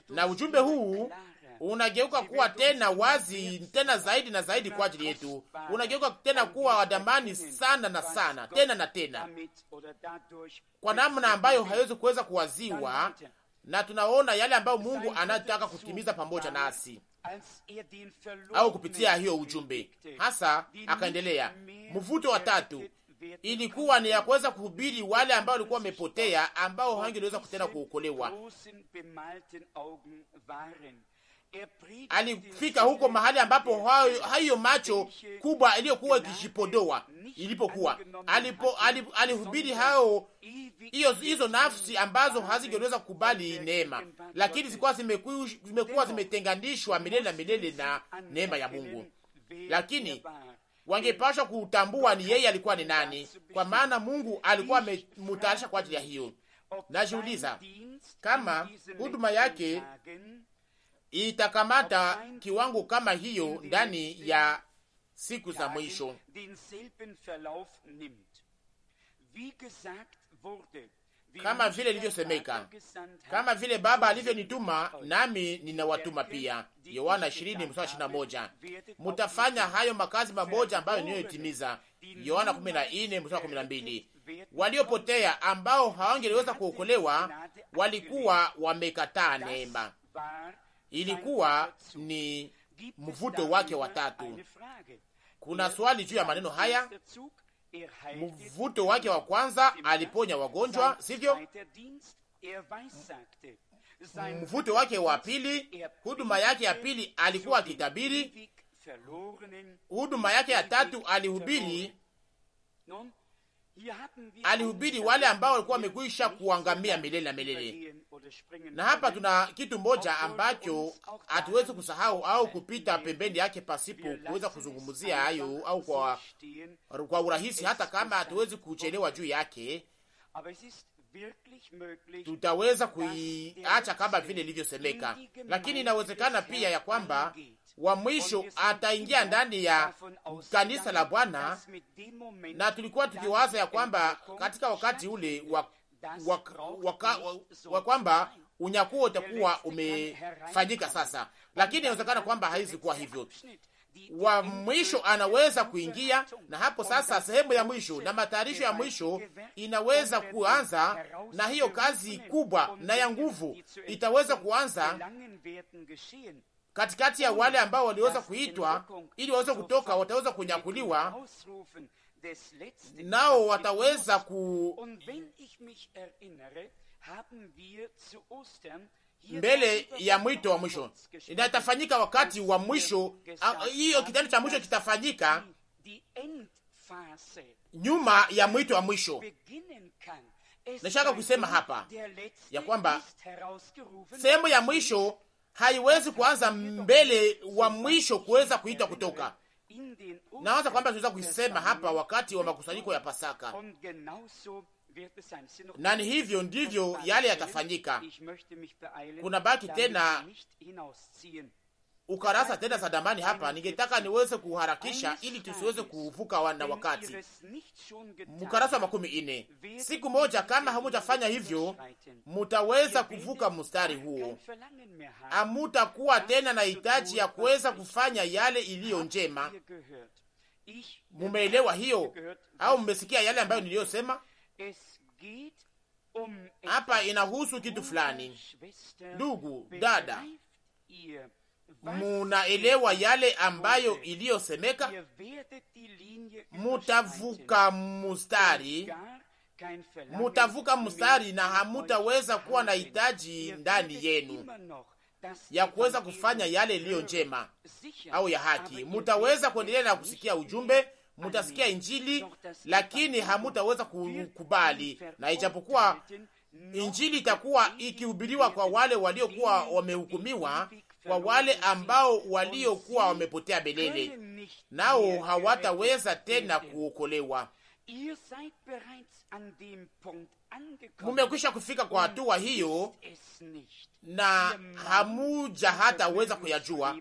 na ujumbe huu unageuka kuwa tena wazi tena zaidi na zaidi kwa ajili yetu, unageuka tena kuwa wadamani sana na sana tena na tena, kwa namna ambayo haiwezi kuweza kuwaziwa, na tunaona yale ambayo Mungu anataka kutimiza pamoja nasi au kupitia hiyo ujumbe hasa. Akaendelea mvuto wa tatu ilikuwa ni ya kuweza kuhubiri wale ambao walikuwa wamepotea, ambao hawangeliweza kutenda kuokolewa. Alifika huko mahali ambapo hayo macho kubwa iliyokuwa ikijipodoa ilipokuwa alipo, alihubiri hao hiyo hizo nafsi ambazo hazingeweza kukubali neema, lakini zilikuwa zimekuwa zimetenganishwa milele na milele na neema ya Mungu, lakini wangepashwa kutambua ni yeye alikuwa ni nani, kwa maana Mungu alikuwa amemutayarisha kwa ajili ya hiyo. Najiuliza kama huduma yake itakamata kiwango kama hiyo ndani ya siku za mwisho kama vile ilivyosemeka, kama vile Baba alivyonituma nami ninawatuma pia. Yohana 20:21. Mutafanya hayo makazi mamoja ambayo niyoitimiza Yohana 14:12. Waliopotea ambao hawangeliweza kuokolewa walikuwa wamekataa neema. Ilikuwa ni mvuto wake watatu Kuna swali juu ya maneno haya? Er er mvuto wake wa kwanza aliponya wagonjwa, sivyo? Mvuto wake wa pili, er huduma yake ya pili alikuwa akitabiri. Huduma yake ya tatu alihubiri alihubiri wale ambao walikuwa wamekwisha kuangamia milele na milele. Na hapa tuna kitu moja ambacho hatuwezi kusahau au kupita pembeni yake pasipo kuweza kuzungumzia hayo au kwa, kwa urahisi, hata kama hatuwezi kuchelewa juu yake, tutaweza kuiacha kama vile ilivyosemeka, lakini inawezekana pia ya kwamba wa mwisho ataingia ndani ya kanisa la Bwana, na tulikuwa tukiwaza ya kwamba katika wakati ule wa, wa, wa, wa, wa kwamba unyakuo utakuwa umefanyika sasa, lakini inawezekana kwamba haizi kuwa hivyo. Wa mwisho anaweza kuingia, na hapo sasa sehemu ya mwisho na matayarisho ya mwisho inaweza kuanza, na hiyo kazi kubwa na ya nguvu itaweza kuanza katikati ya wale ambao waliweza kuitwa ili waweze kutoka, wataweza kunyakuliwa
nao wataweza ku
mbele ya mwito wa mwisho, na itafanyika wakati wa mwisho. Ah, hiyo kitendo cha mwisho kitafanyika nyuma ya mwito wa mwisho. Nashaka kusema hapa ya kwamba
sehemu ya mwisho
haiwezi kuanza mbele wa mwisho kuweza kuita kutoka. Naanza kwamba tunaweza kuisema hapa wakati wa makusanyiko ya Pasaka, na ni hivyo ndivyo yale yatafanyika.
Kuna baki tena
ukarasa tena za dambani hapa. Ningetaka niweze kuharakisha ili tusiweze kuvuka wana wakati. Mkarasa makumi ine. Siku moja kama hamujafanya hivyo, mutaweza kuvuka mstari huo, hamutakuwa tena na hitaji ya kuweza kufanya yale iliyo njema. Mumeelewa hiyo au mmesikia yale ambayo niliyosema? Um hapa inahusu kitu fulani, ndugu dada munaelewa yale ambayo iliyosemeka, mutavuka mustari, mutavuka mustari na hamutaweza kuwa na hitaji ndani yenu ya kuweza kufanya yale iliyo njema au ya haki. Mutaweza kuendelea na kusikia ujumbe, mutasikia Injili, lakini hamutaweza kukubali, na ijapokuwa Injili itakuwa ikihubiriwa kwa wale waliokuwa wamehukumiwa kwa wale ambao waliokuwa wamepotea belele, nao hawataweza tena kuokolewa. Mumekwisha kufika kwa hatua hiyo, na hamuja hata weza kuyajua.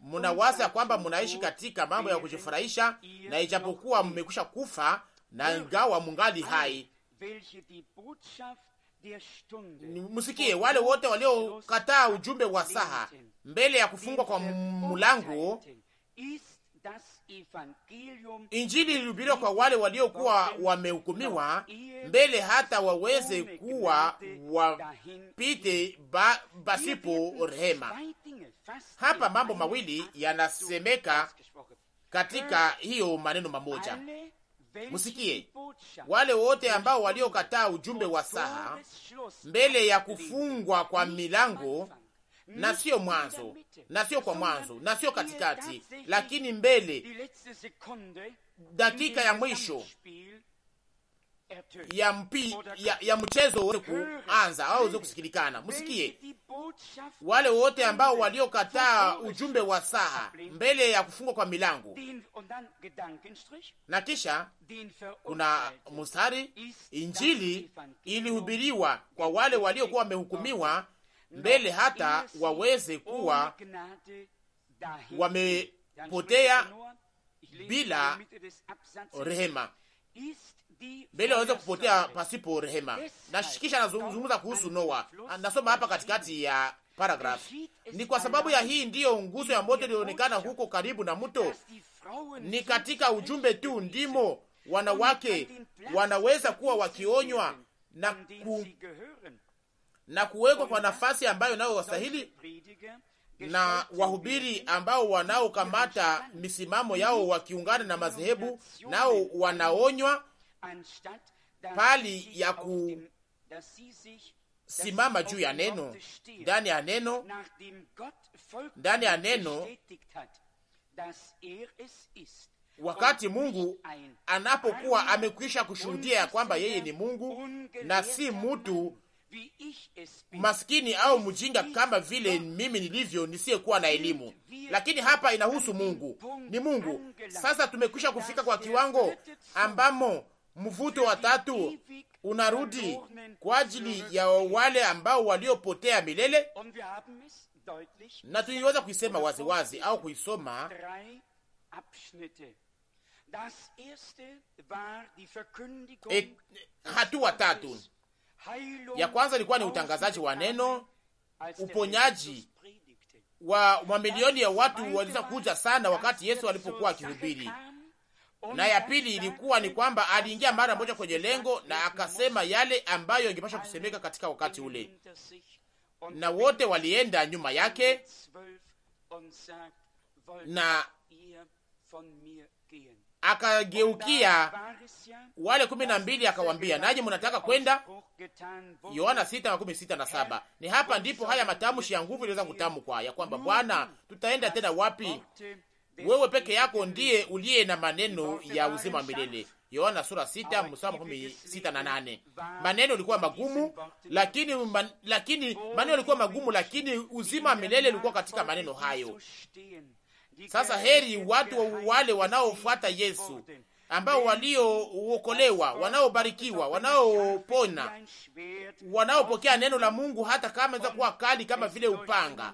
Munawaza kwamba munaishi katika mambo ya kujifurahisha, na ijapokuwa mumekwisha kufa na ingawa mungali hai. Musikie wale wote waliokataa ujumbe wa saha mbele ya kufungwa kwa mlango, Injili ilihubiriwa kwa wale waliokuwa wamehukumiwa, mbele hata waweze kuwa wapite ba, rehema. Hapa mambo mawili yanasemeka katika hiyo maneno mamoja. Musikie, wale wote ambao waliokataa ujumbe wa saha mbele ya kufungwa kwa milango na sio mwanzo, na sio kwa mwanzo, na sio katikati, lakini mbele,
dakika ya mwisho
ya mpi, ya, ya mchezo uweze kuanza au uweze kusikilikana. Msikie wale wote ambao waliokataa ujumbe wa saha mbele ya kufungwa kwa milango, na kisha kuna mstari, injili ilihubiriwa kwa wale waliokuwa wamehukumiwa mbele hata waweze kuwa wamepotea bila rehema, mbele waweze kupotea pasipo rehema. Na kisha nazungumza kuhusu Noa, nasoma hapa katikati ya paragraph. Ni kwa sababu ya hii ndiyo nguzo ya moto ilionekana huko karibu na mto. Ni katika ujumbe tu ndimo wanawake wanaweza kuwa wakionywa na ku na kuwekwa kwa nafasi ambayo nao wastahili na wahubiri ambao wanaokamata misimamo yao wakiungana na madhehebu nao wanaonywa pali ya kusimama juu ya neno, ndani ya neno,
ndani ya neno,
wakati Mungu anapokuwa amekwisha kushuhudia ya kwamba yeye ni Mungu na si mutu maskini au mjinga kama vile mimi nilivyo, nisiyekuwa na elimu, lakini hapa inahusu Mungu, ni Mungu. Sasa tumekwisha kufika kwa kiwango ambamo mvuto wa tatu unarudi kwa ajili ya wale ambao waliopotea milele, na tuliweza kuisema waziwazi au kuisoma e, hatua tatu ya kwanza ilikuwa ni utangazaji wa neno, uponyaji wa mamilioni ya watu waliweza kuja sana wakati Yesu alipokuwa akihubiri. Na ya pili ilikuwa ni kwamba aliingia mara moja kwenye lengo na akasema yale ambayo ingepasha kusemeka katika wakati ule, na wote walienda nyuma yake na akageukia wale kumi na mbili akawambia, nanyi mnataka kwenda? Yohana sita makumi sita na saba. Ni hapa ndipo haya matamshi ya nguvu iliweza kutamkwa ya kwamba Bwana, tutaenda tena wapi? Wewe peke yako ndiye uliye na maneno ya uzima wa milele. Yohana sura sita mstari makumi sita na nane. Maneno ilikuwa magumu lakini, man, lakini maneno ilikuwa magumu lakini uzima wa milele ulikuwa katika maneno hayo. Sasa heri watu wale wanaofuata Yesu, ambao waliookolewa, wanaobarikiwa, wanaopona, wanaopokea neno la Mungu hata kama inaweza kuwa kali kama vile upanga,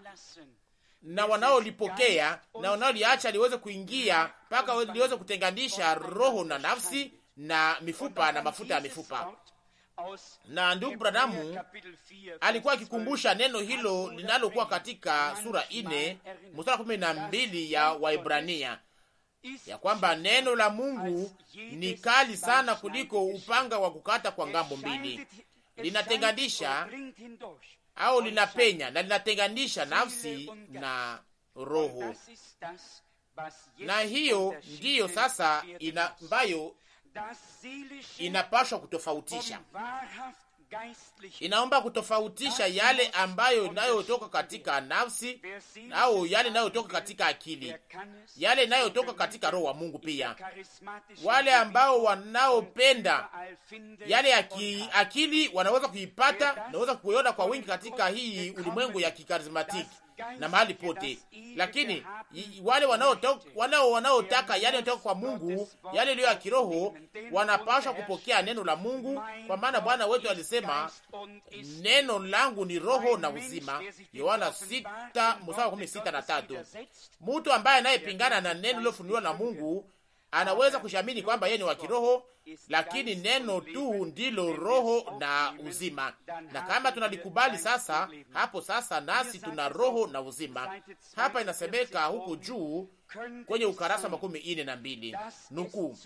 na wanaolipokea na wanaoliacha liweze kuingia mpaka liweze kutenganisha roho na nafsi na mifupa na mafuta ya mifupa na ndugu Bradamu alikuwa akikumbusha neno hilo linalokuwa katika sura ine mstari kumi na mbili ya Waibrania ya kwamba neno la Mungu ni kali sana kuliko upanga wa kukata kwa ngambo mbili, linatenganisha au linapenya na linatenganisha nafsi na roho, na hiyo ndiyo sasa ambayo inapashwa kutofautisha, inaomba kutofautisha yale ambayo inayotoka katika nafsi au yale inayotoka katika akili, yale inayotoka katika roho wa Mungu. Pia wale ambao wanaopenda yale ya akili wanaweza kuipata, naweza kuiona kwa wingi katika hii ulimwengu ya kikarismatiki na mahali pote, lakini wale wanaotaka wanao, yale yanatoka kwa Mungu, yale yaliyo ya kiroho, wanapashwa kupokea neno la Mungu, kwa maana Bwana wetu alisema, neno langu ni roho na uzima, Yohana 6 mstari 16 na 3. Mtu ambaye anayepingana na neno lilofunuliwa na Mungu anaweza kushamini kwamba yeye ni wa kiroho, lakini neno tu ndilo roho na uzima, na kama tunalikubali sasa, hapo sasa nasi tuna roho na uzima. Hapa inasemeka huko juu kwenye ukarasa makumi ine na mbili
nukuu,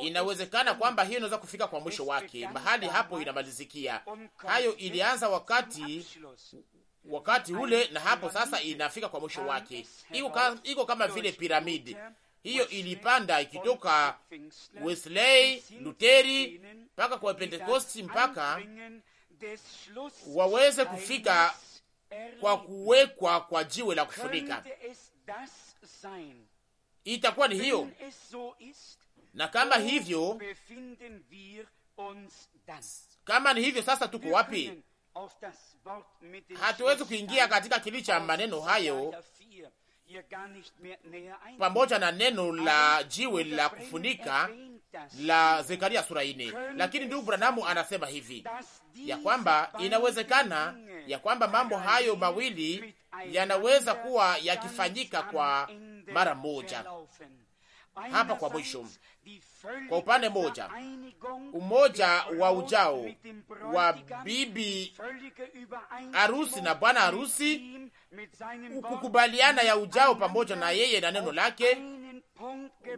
inawezekana
kwamba hiyo inaweza kufika kwa mwisho wake, mahali hapo inamalizikia. Hayo ilianza wakati wakati ule na hapo sasa inafika kwa mwisho wake. Iko kama, iko kama vile piramidi hiyo ilipanda ikitoka Wesley, Luteri mpaka kwa Pentekosti mpaka waweze kufika kwa kuwekwa kwa jiwe la kufunika. Itakuwa ni hiyo, na kama hivyo, kama ni hivyo, sasa tuko wapi?
hatuwezi kuingia
katika kili cha maneno hayo pamoja na neno la jiwe la kufunika la Zekaria sura ine, lakini ndugu Branamu anasema hivi ya kwamba inawezekana ya kwamba mambo hayo mawili yanaweza kuwa yakifanyika kwa mara moja hapa kwa mwisho. Kwa upande mmoja, umoja wa ujao wa bibi harusi na bwana harusi, kukubaliana ya ujao pamoja na yeye na neno lake,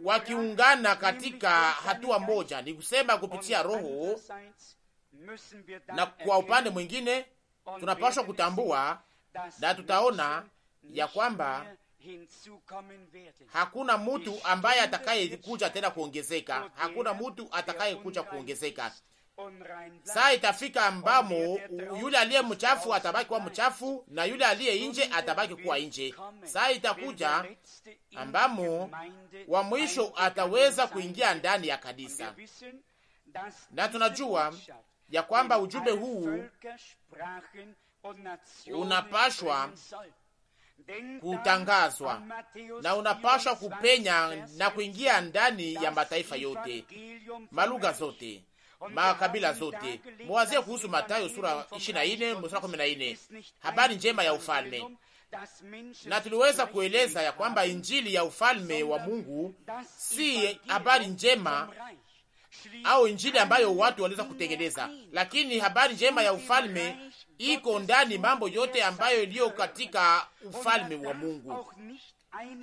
wakiungana katika hatua moja, ni kusema kupitia Roho.
Na kwa upande mwingine tunapaswa kutambua
na tutaona ya kwamba
Hakuna mtu
ambaye atakayekuja tena kuongezeka, hakuna mtu atakayekuja kuongezeka. Saa itafika ambamo yule aliye mchafu atabaki kuwa mchafu na yule aliye nje atabaki kuwa nje. Saa itakuja ambamo wa mwisho ataweza kuingia ndani ya kanisa, na tunajua ya kwamba ujumbe huu
unapashwa kutangazwa na
unapashwa kupenya na kuingia ndani ya mataifa yote, malugha zote, makabila zote. Mwazie kuhusu Matayo sura 24 mstari 14, habari njema ya ufalme. Na tuliweza kueleza ya kwamba injili ya ufalme wa Mungu si habari njema au injili ambayo watu waliweza kutengeneza, lakini habari njema ya ufalme iko ndani mambo yote ambayo iliyo katika ufalme wa Mungu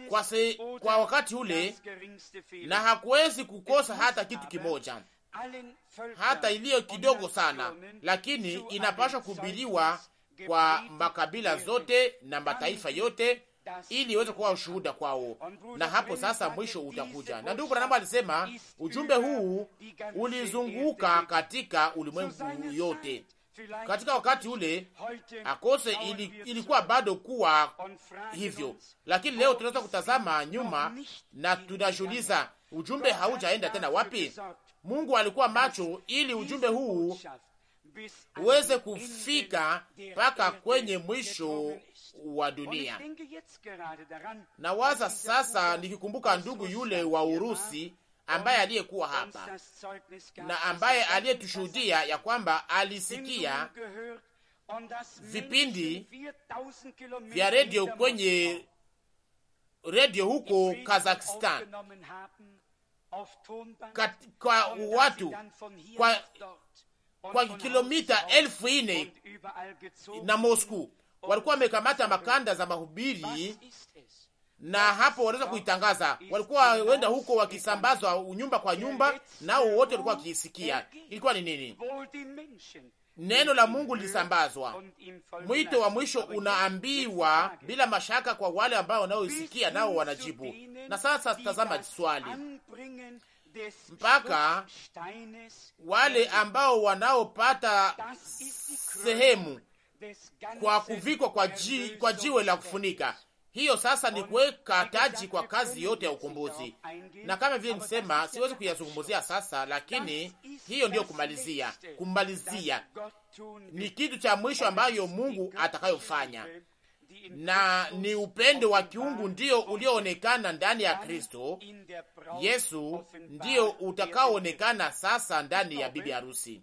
kwa, se, kwa wakati ule, na hakuwezi kukosa hata kitu kimoja, hata iliyo kidogo sana, lakini inapaswa kuhubiriwa kwa makabila zote na mataifa yote ili iweze kuwa ushuhuda kwao, na hapo sasa mwisho utakuja. Na ndugu Branham alisema ujumbe huu ulizunguka katika ulimwengu yote,
katika wakati ule akose ili, ilikuwa
bado kuwa hivyo, lakini leo tunaweza kutazama nyuma na tunajiuliza ujumbe haujaenda tena wapi? Mungu alikuwa macho ili ujumbe huu uweze kufika mpaka kwenye mwisho wa dunia. nawaza sasa, nikikumbuka ndugu yule wa Urusi ambaye aliyekuwa hapa na ambaye aliyetushuhudia ya kwamba alisikia
vipindi vya redio kwenye
redio huko Kazakhstan
Kat, kwa watu kwa,
kwa kilomita elfu nne
na Moscow
walikuwa wamekamata makanda za mahubiri na hapo wanaweza kuitangaza. Walikuwa wenda huko wakisambazwa nyumba kwa nyumba, nao wote walikuwa wakiisikia. Ilikuwa ni nini? Neno la Mungu lilisambazwa. Mwito wa mwisho unaambiwa bila mashaka kwa wale ambao wanaoisikia, nao wanajibu. Na sasa tazama swali
mpaka wale
ambao wanaopata
sehemu kwa kuvikwa kwa, ji,
kwa jiwe la kufunika hiyo sasa ni kuweka taji kwa kazi yote ya ukombozi, na kama vile nisema, siwezi kuyazungumzia sasa, lakini hiyo ndiyo kumalizia. Kumalizia ni kitu cha mwisho ambayo Mungu atakayofanya na ni upendo wa kiungu ndio ulioonekana ndani ya Kristo Yesu, ndio utakaoonekana sasa ndani ya bibi harusi.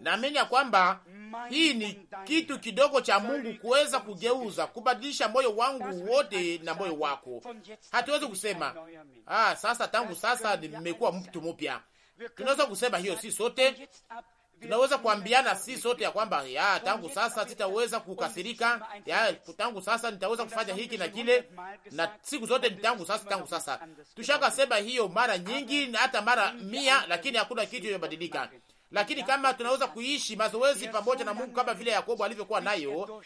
Naamini ya kwamba hii ni kitu kidogo cha Mungu kuweza kugeuza, kubadilisha moyo wangu wote na moyo wako. Hatuwezi kusema ah, sasa tangu sasa nimekuwa mtu mpya. Tunaweza kusema hiyo si sote tunaweza kuambiana si sote ya kwamba ya tangu sasa sitaweza kukasirika, ya tangu sasa nitaweza kufanya hiki na kile, na siku zote ni tangu sasa, tangu sasa. Tushakasema hiyo mara nyingi, hata mara mia, lakini hakuna kitu kimebadilika. Lakini kama tunaweza kuishi mazoezi pamoja na Mungu kama vile Yakobo alivyokuwa nayo,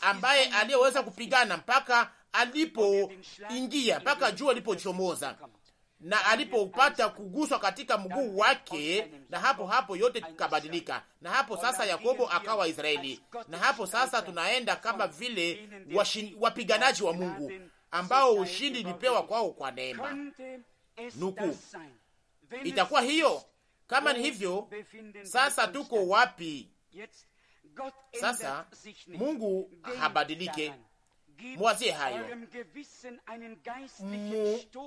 ambaye aliyeweza kupigana mpaka alipoingia, mpaka jua lipochomoza na alipopata kuguswa katika mguu wake, na hapo hapo yote tukabadilika, na hapo sasa Yakobo akawa Israeli, na hapo sasa tunaenda kama vile wapiganaji wa Mungu ambao ushindi ilipewa kwao kwa neema.
Nuku itakuwa hiyo.
Kama ni hivyo, sasa tuko wapi? Sasa Mungu habadilike, mwazie hayo,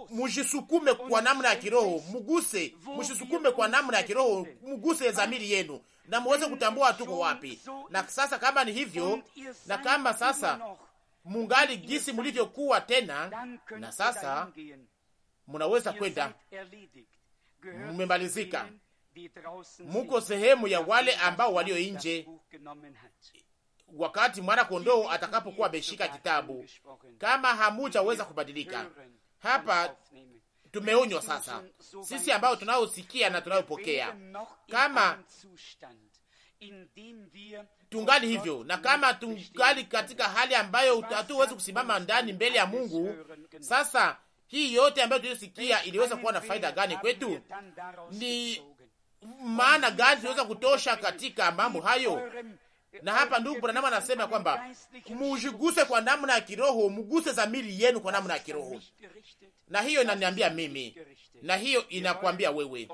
mujisukume kwa namna ya kiroho, muguse, mujisukume kwa namna ya kiroho, muguse dhamiri yenu na muweze kutambua tuko wapi. Na sasa kama ni hivyo, na kama sasa mungali gisi mulivyokuwa tena, na sasa munaweza kwenda,
mmemalizika, muko sehemu ya wale ambao walio nje
wakati mwana kondoo atakapokuwa ameshika kitabu, kama hamujaweza kubadilika. Hapa tumeonywa sasa, sisi ambao tunayosikia na tunayopokea, kama tungali hivyo na kama tungali katika hali ambayo hatuwezi kusimama ndani mbele ya Mungu. Sasa hii yote ambayo tuliyosikia iliweza kuwa na faida gani kwetu? Ni maana gani tunaweza kutosha katika mambo hayo? Na hapa ndugu Branham anasema kwamba mujiguse kwa namna ya kiroho, muguse zamiri yenu kwa namna ya kiroho, na hiyo inaniambia mimi, na hiyo inakwambia wewe,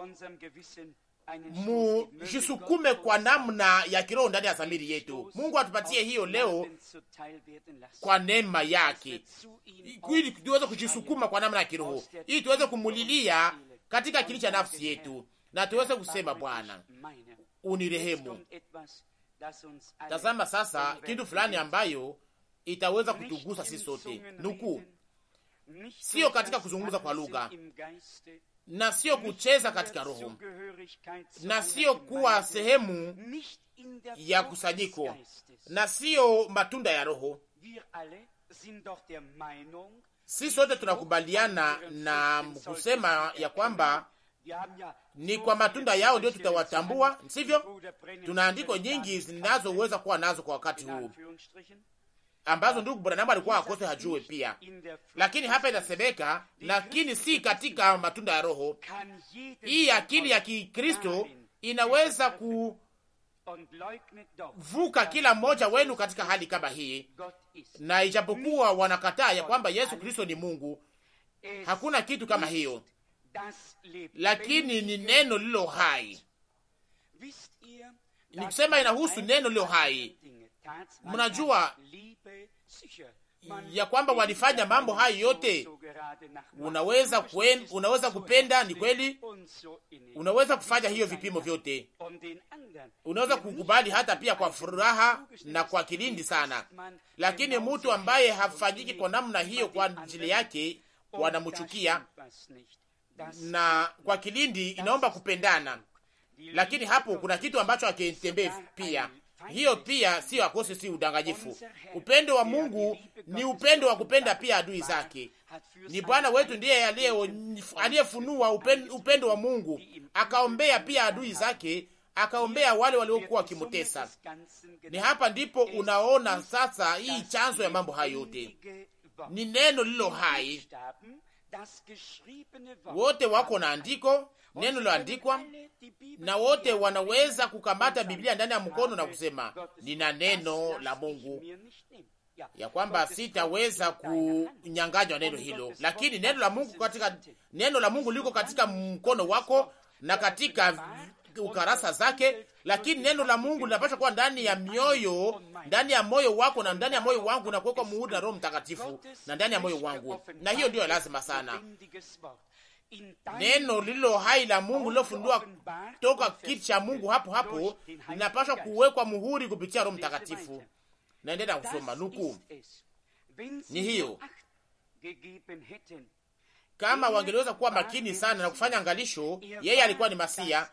mujisukume kwa namna ya kiroho ndani ya zamiri yetu. Mungu atupatie hiyo leo kwa neema yake, ili tuweze kujisukuma kwa namna ya kiroho, ili tuweze kumulilia katika kili cha nafsi yetu, na tuweze kusema Bwana unirehemu Tazama sasa kitu fulani ambayo itaweza kutugusa sisi sote nuku sio katika kuzungumza kwa lugha na sio kucheza katika roho na sio kuwa sehemu ya kusanyiko na sio matunda ya roho. Sisi sote tunakubaliana na kusema ya kwamba ni kwa matunda yao ndio tutawatambua, sivyo? Tuna andiko nyingi zinazoweza kuwa nazo kwa wakati huu ambazo ndugu Branamu alikuwa akose hajue pia, lakini hapa inasemeka, lakini si katika matunda ya Roho. Hii akili ya Kikristo inaweza kuvuka kila mmoja wenu katika hali kama hii, na ijapokuwa wanakataa ya kwamba Yesu Kristo ni Mungu, hakuna kitu kama hiyo
lakini
ni neno lilo hai. Ni kusema inahusu neno lilo hai. Mnajua ya kwamba walifanya mambo hayo yote. Unaweza kwen, unaweza kupenda, ni kweli, unaweza kufanya hiyo vipimo vyote, um unaweza kukubali hata pia kwa furaha na kwa kilindi sana, lakini mtu ambaye hafanyiki kwa namna hiyo kwa ajili yake wanamuchukia na kwa Kilindi inaomba kupendana, lakini hapo kuna kitu ambacho hakitembei pia. Hiyo pia sio akose, si udanganyifu. Upendo wa Mungu ni upendo wa kupenda pia adui zake. Ni Bwana wetu ndiye aliyefunua upendo wa Mungu, akaombea pia adui zake, akaombea wale waliokuwa wakimutesa. Ni hapa ndipo unaona sasa hii chanzo ya mambo hayo yote uh, ni neno lilo hai wote wako na andiko, neno loandikwa, na wote wanaweza kukamata Biblia ndani ya mkono na kusema nina neno la Mungu ya kwamba sitaweza kunyang'anywa neno hilo, lakini neno la Mungu katika, neno la Mungu liko katika mkono wako na katika ukarasa zake, lakini neno la Mungu linapaswa kuwa ndani ya mioyo, ndani ya moyo wako na ndani ya moyo wangu, na kuwekwa muhuri na Roho Mtakatifu na ndani ya moyo wangu, na hiyo ndiyo lazima sana. Neno lililo hai la Mungu lilofundua toka kiti cha Mungu hapo hapo linapaswa kuwekwa muhuri kupitia Roho Mtakatifu. Naendelea kusoma nuku ni hiyo kama wangeliweza kuwa makini sana na kufanya angalisho, yeye alikuwa ni Masia,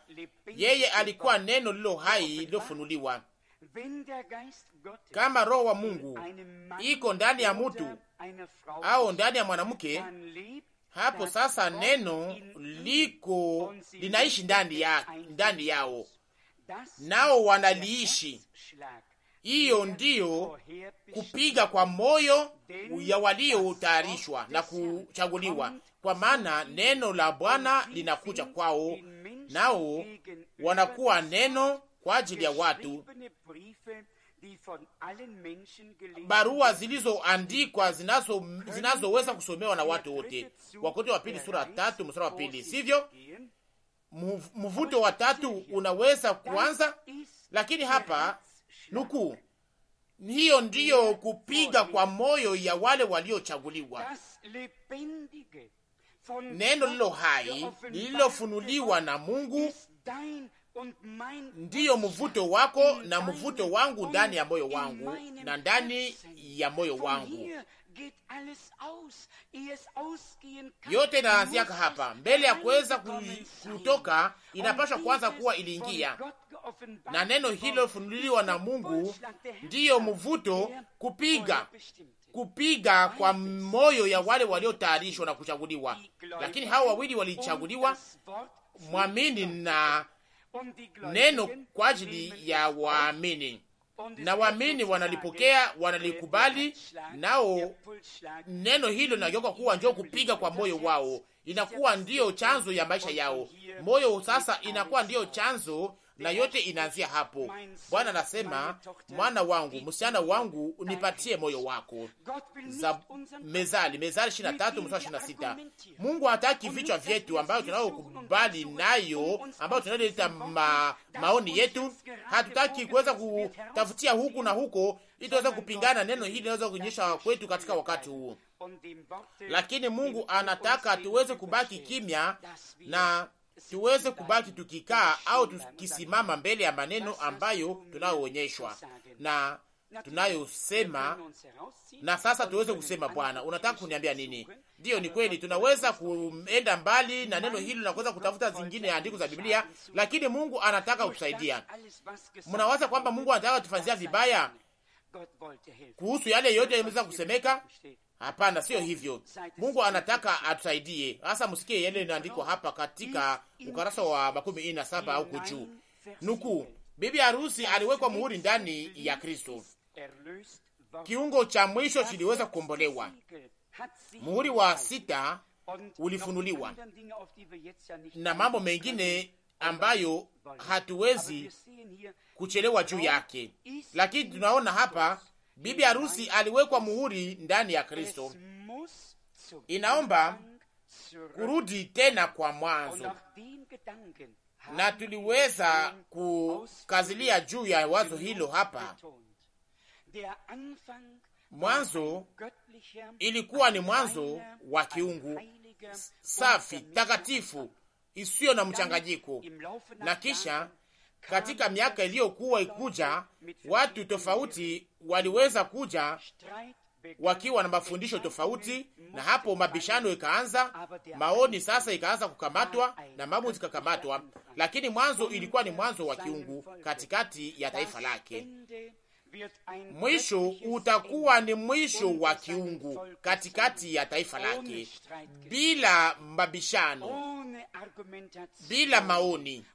yeye alikuwa neno lilo hai lilofunuliwa. Kama Roho wa Mungu iko ndani ya mtu au ndani ya mwanamke, hapo sasa neno liko linaishi ndani ya ndani yao, nao wanaliishi. Hiyo ndiyo kupiga kwa moyo ya waliotayarishwa na kuchaguliwa kwa maana neno la Bwana linakuja kwao, nao wanakuwa neno kwa ajili ya watu. Barua zilizoandikwa zinazoweza zinazo kusomewa na watu wote. Wakorintho wa pili sura tatu mstari wa pili, sivyo? Mvuto wa tatu unaweza kuanza, lakini hapa nukuu hiyo ndiyo kupiga kwa moyo ya wale waliochaguliwa
neno lilo hai lililofunuliwa
na Mungu ndiyo mvuto wako na mvuto wangu ndani ya moyo wangu na ndani ya moyo wangu.
Yote inaanziaka
hapa mbele ya kuweza kutoka, inapaswa kwanza kuwa iliingia, na neno hilo funuliwa na Mungu ndiyo mvuto kupiga kupiga kwa moyo ya wale waliotayarishwa na kuchaguliwa. Lakini hawa wawili walichaguliwa, mwamini na
neno kwa
ajili ya waamini, na waamini wanalipokea, wanalikubali, nao neno hilo linageuka kuwa njoo kupiga kwa moyo wao, inakuwa ndiyo chanzo ya maisha yao. Moyo sasa inakuwa ndiyo chanzo na yote inaanzia hapo. Bwana anasema, mwana wangu, msichana wangu, nipatie moyo wako. Za Mezali, Mezali 23 mstari sita. Mungu hataki vichwa vyetu ambayo tunayokubali nayo, ambayo tunayoleta ma, maoni yetu. Hatutaki kuweza kutafutia huku na huko ili tuweze kupingana. Neno hili linaweza kuonyesha kwetu katika wakati huu, lakini Mungu anataka tuweze kubaki kimya na tuweze kubaki tukikaa au tukisimama mbele ya maneno ambayo tunayoonyeshwa na tunayosema na sasa tuweze kusema, Bwana, unataka kuniambia nini? Ndiyo, ni kweli, tunaweza kuenda mbali na neno hili na kuweza kutafuta zingine ya andiko za Biblia, lakini Mungu anataka kutusaidia. Mnawaza kwamba Mungu anataka tufanyia vibaya kuhusu yale yote yameweza kusemeka? Hapana, sio hivyo. Mungu anataka atusaidie hasa. Msikie yale inaandikwa hapa katika ukarasa wa makumi ini na saba huku juu, nuku bibi harusi aliwekwa muhuri ndani ya Kristo, kiungo cha mwisho kiliweza kukombolewa. Muhuri wa sita
ulifunuliwa
na mambo mengine ambayo hatuwezi kuchelewa juu yake, lakini tunaona hapa bibi harusi aliwekwa muhuri ndani ya Kristo. Inaomba kurudi tena kwa mwanzo, na tuliweza kukazilia juu ya wazo hilo hapa mwanzo. Ilikuwa ni mwanzo wa kiungu safi, takatifu, isiyo na mchanganyiko, na kisha katika miaka iliyokuwa ikuja, watu tofauti waliweza kuja wakiwa na mafundisho tofauti, na hapo mabishano ikaanza, maoni sasa ikaanza kukamatwa na mambo zikakamatwa, lakini mwanzo ilikuwa ni mwanzo wa kiungu katikati ya taifa lake. Mwisho utakuwa ni mwisho wa kiungu katikati ya taifa lake, bila mabishano,
bila maoni,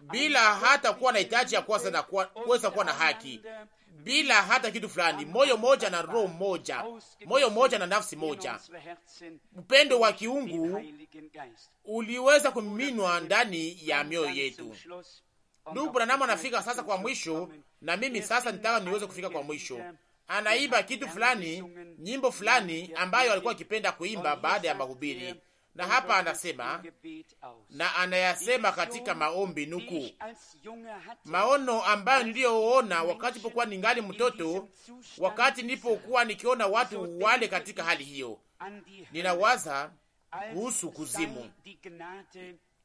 bila hata kuwa na hitaji ya kuweza kuwa na haki, bila hata kitu fulani, moyo moja na roho moja, moyo moja na nafsi moja. Upendo wa kiungu uliweza kumiminwa ndani ya mioyo yetu. Ndugu Branamu anafika sasa kwa mwisho, na mimi sasa nitaka niweze kufika kwa mwisho. Anaiba kitu fulani, nyimbo fulani ambayo alikuwa akipenda kuimba baada ya mahubiri na hapa anasema na anayasema katika maombi nuku, maono ambayo niliyoona wakati pokuwa ningali mtoto, wakati nilipokuwa nikiona watu wale katika hali hiyo, ninawaza
kuhusu kuzimu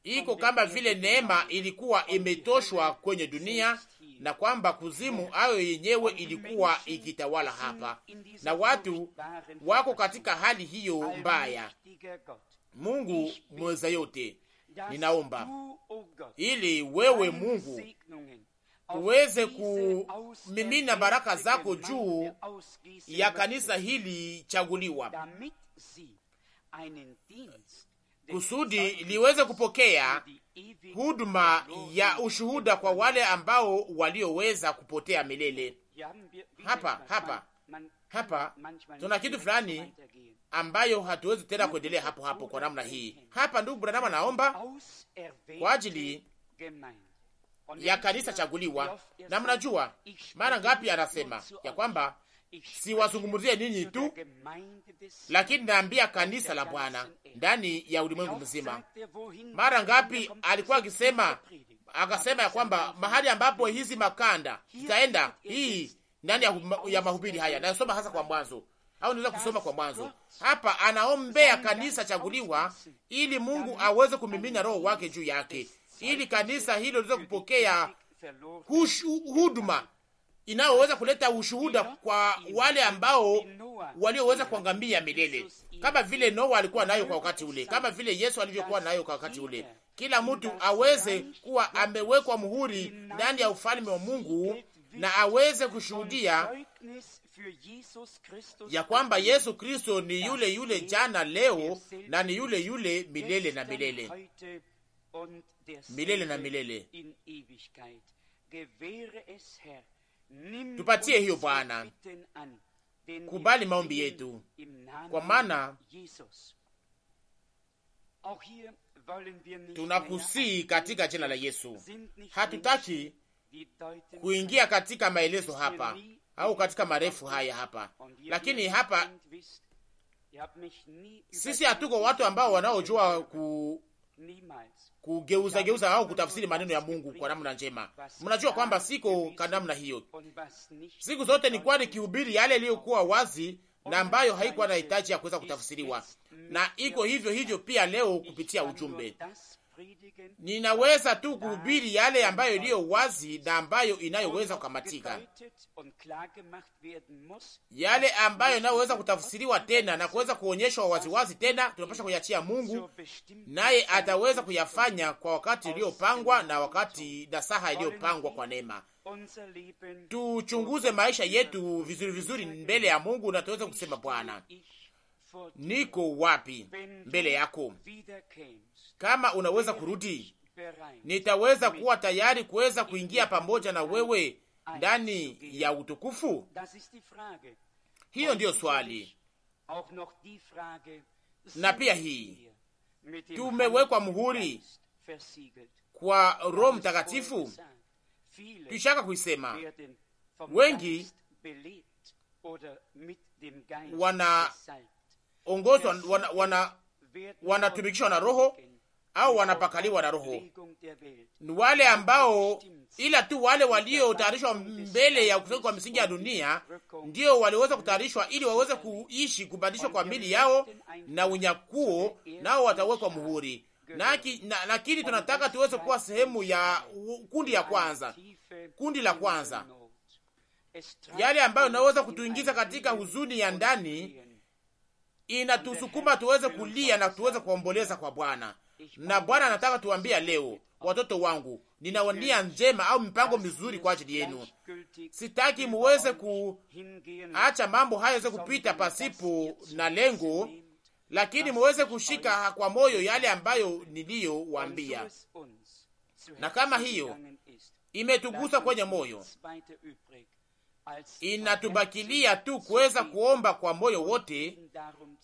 iko kama vile neema ilikuwa imetoshwa kwenye dunia na kwamba kuzimu ayo yenyewe ilikuwa ikitawala hapa, na watu wako katika hali hiyo mbaya. Mungu mweza yote, ninaomba ili wewe Mungu uweze kumimina baraka zako juu ya kanisa hili chaguliwa, kusudi liweze kupokea huduma ya ushuhuda kwa wale ambao walioweza kupotea milele. Hapa hapa hapa
tuna kitu fulani
ambayo hatuwezi tena kuendelea hapo hapo kwa namna hii. Hapa ndugu Branham anaomba kwa ajili ya kanisa chaguliwa, na mnajua mara ngapi anasema ya kwamba siwazungumzie ninyi tu, lakini naambia kanisa la Bwana ndani ya ulimwengu mzima. Mara ngapi alikuwa akisema, akasema ya kwamba mahali ambapo hizi makanda zitaenda, hii ndani ya mahubiri haya nayosoma hasa kwa mwanzo au niweza kusoma kwa mwanzo hapa. Anaombea kanisa chaguliwa ili Mungu aweze kumiminya roho wake juu yake, ili kanisa hilo liweze kupokea huduma inayoweza kuleta ushuhuda kwa wale ambao walioweza kuangamia milele, kama vile Noa alikuwa nayo kwa wakati ule, kama vile Yesu alivyokuwa nayo kwa wakati ule. Kila mtu aweze kuwa amewekwa muhuri ndani ya ufalme wa Mungu na aweze kushuhudia
ya kwamba Yesu
Kristo ni yule yule jana leo na ni yule yule milele na milele,
milele na milele.
Tupatie hiyo Bwana,
kubali maombi
yetu, kwa maana
tunakusii
katika jina la Yesu.
Hatutaki
kuingia katika maelezo hapa au katika marefu haya hapa, lakini hapa sisi hatuko watu ambao wanaojua ku kugeuza geuza au kutafsiri maneno ya Mungu kwa namna njema. Mnajua kwamba siko kwa namna hiyo. Siku zote nilikuwa nikihubiri yale yaliyokuwa wazi na ambayo haikuwa na hitaji ya kuweza kutafsiriwa, na iko hivyo hivyo pia leo kupitia ujumbe ninaweza tu kuhubiri yale ambayo iliyo wazi na ambayo inayoweza kukamatika, yale ambayo inayoweza kutafsiriwa tena na kuweza kuonyeshwa waziwazi tena. Tunapasha kuyachia Mungu, naye ataweza kuyafanya kwa wakati iliyopangwa na wakati na saha iliyopangwa kwa neema. Tuchunguze maisha yetu vizuri vizuri mbele ya Mungu na tuweze kusema Bwana, niko wapi mbele yako? Kama unaweza kurudi, nitaweza kuwa tayari kuweza kuingia pamoja na wewe ndani ya utukufu. Hiyo ndiyo swali, na pia hii
tumewekwa muhuri
kwa Roho Mtakatifu. Tushaka kuisema wengi
wanaongozwa,
wanatumikishwa wana, wana na Roho au wanapakaliwa na Roho ni wale ambao, ila tu wale waliotayarishwa mbele ya kutoka kwa misingi ya dunia ndio waliweza kutayarishwa ili waweze kuishi kubadilishwa kwa mili yao na unyakuo, nao watawekwa muhuri. Lakini na, tunataka tuweze kuwa sehemu ya kundi ya kwanza, kundi la kwanza, yale ambayo inaweza kutuingiza katika huzuni ya ndani, inatusukuma tuweze kulia na tuweze kuomboleza kwa Bwana na Bwana anataka tuambia leo, watoto wangu, ninawania njema au mipango mizuri kwa ajili yenu. Sitaki muweze kuacha mambo hayo yaweze kupita pasipo na lengo, lakini muweze kushika kwa moyo yale ambayo niliyowaambia,
na kama hiyo
imetugusa kwenye moyo inatubakilia tu kuweza kuomba kwa moyo wote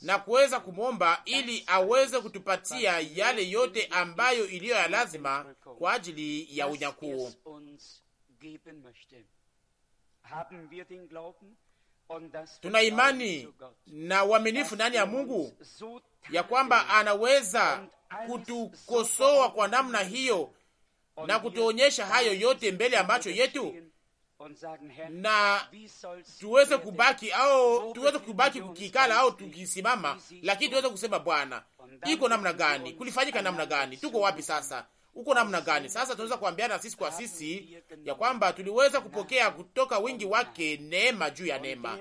na kuweza kumwomba ili aweze kutupatia yale yote ambayo iliyo ya lazima kwa ajili ya unyakuo.
Tuna imani
na uaminifu ndani ya Mungu ya kwamba anaweza kutukosoa kwa namna hiyo na kutuonyesha hayo yote mbele ya macho yetu na tuweze kubaki au tuweze kubaki kukikala au tukisimama, lakini tuweze kusema Bwana, iko namna gani? Kulifanyika namna gani? Tuko wapi sasa? Uko namna gani sasa? Tunaweza kuambiana sisi kwa sisi ya kwamba tuliweza kupokea kutoka wingi wake neema juu ya neema.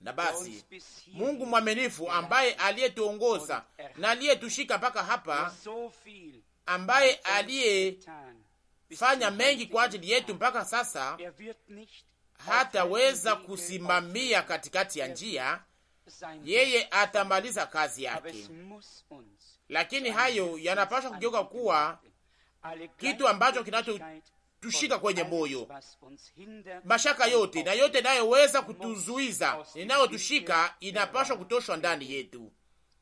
Na basi Mungu mwaminifu ambaye aliyetuongoza na aliyetushika mpaka hapa, ambaye aliye fanya mengi kwa ajili yetu mpaka sasa, er hataweza kusimamia katikati ya er njia. Yeye atamaliza kazi yake, lakini hayo yanapaswa kugeuka kuwa kitu ambacho kinachotushika kwenye moyo. Mashaka yote na yote inayoweza kutuzuiza, inayotushika, inapaswa kutoshwa ndani yetu.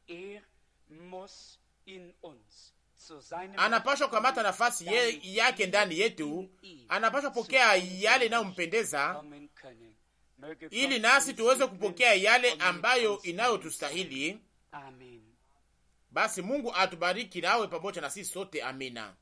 Er anapashwa
kukamata nafasi ye, yake ndani yetu, anapashwa pokea yale inayompendeza
ili nasi
tuweze kupokea yale ambayo inayotustahili. Basi Mungu atubariki nawe pamoja na sisi sote, amina.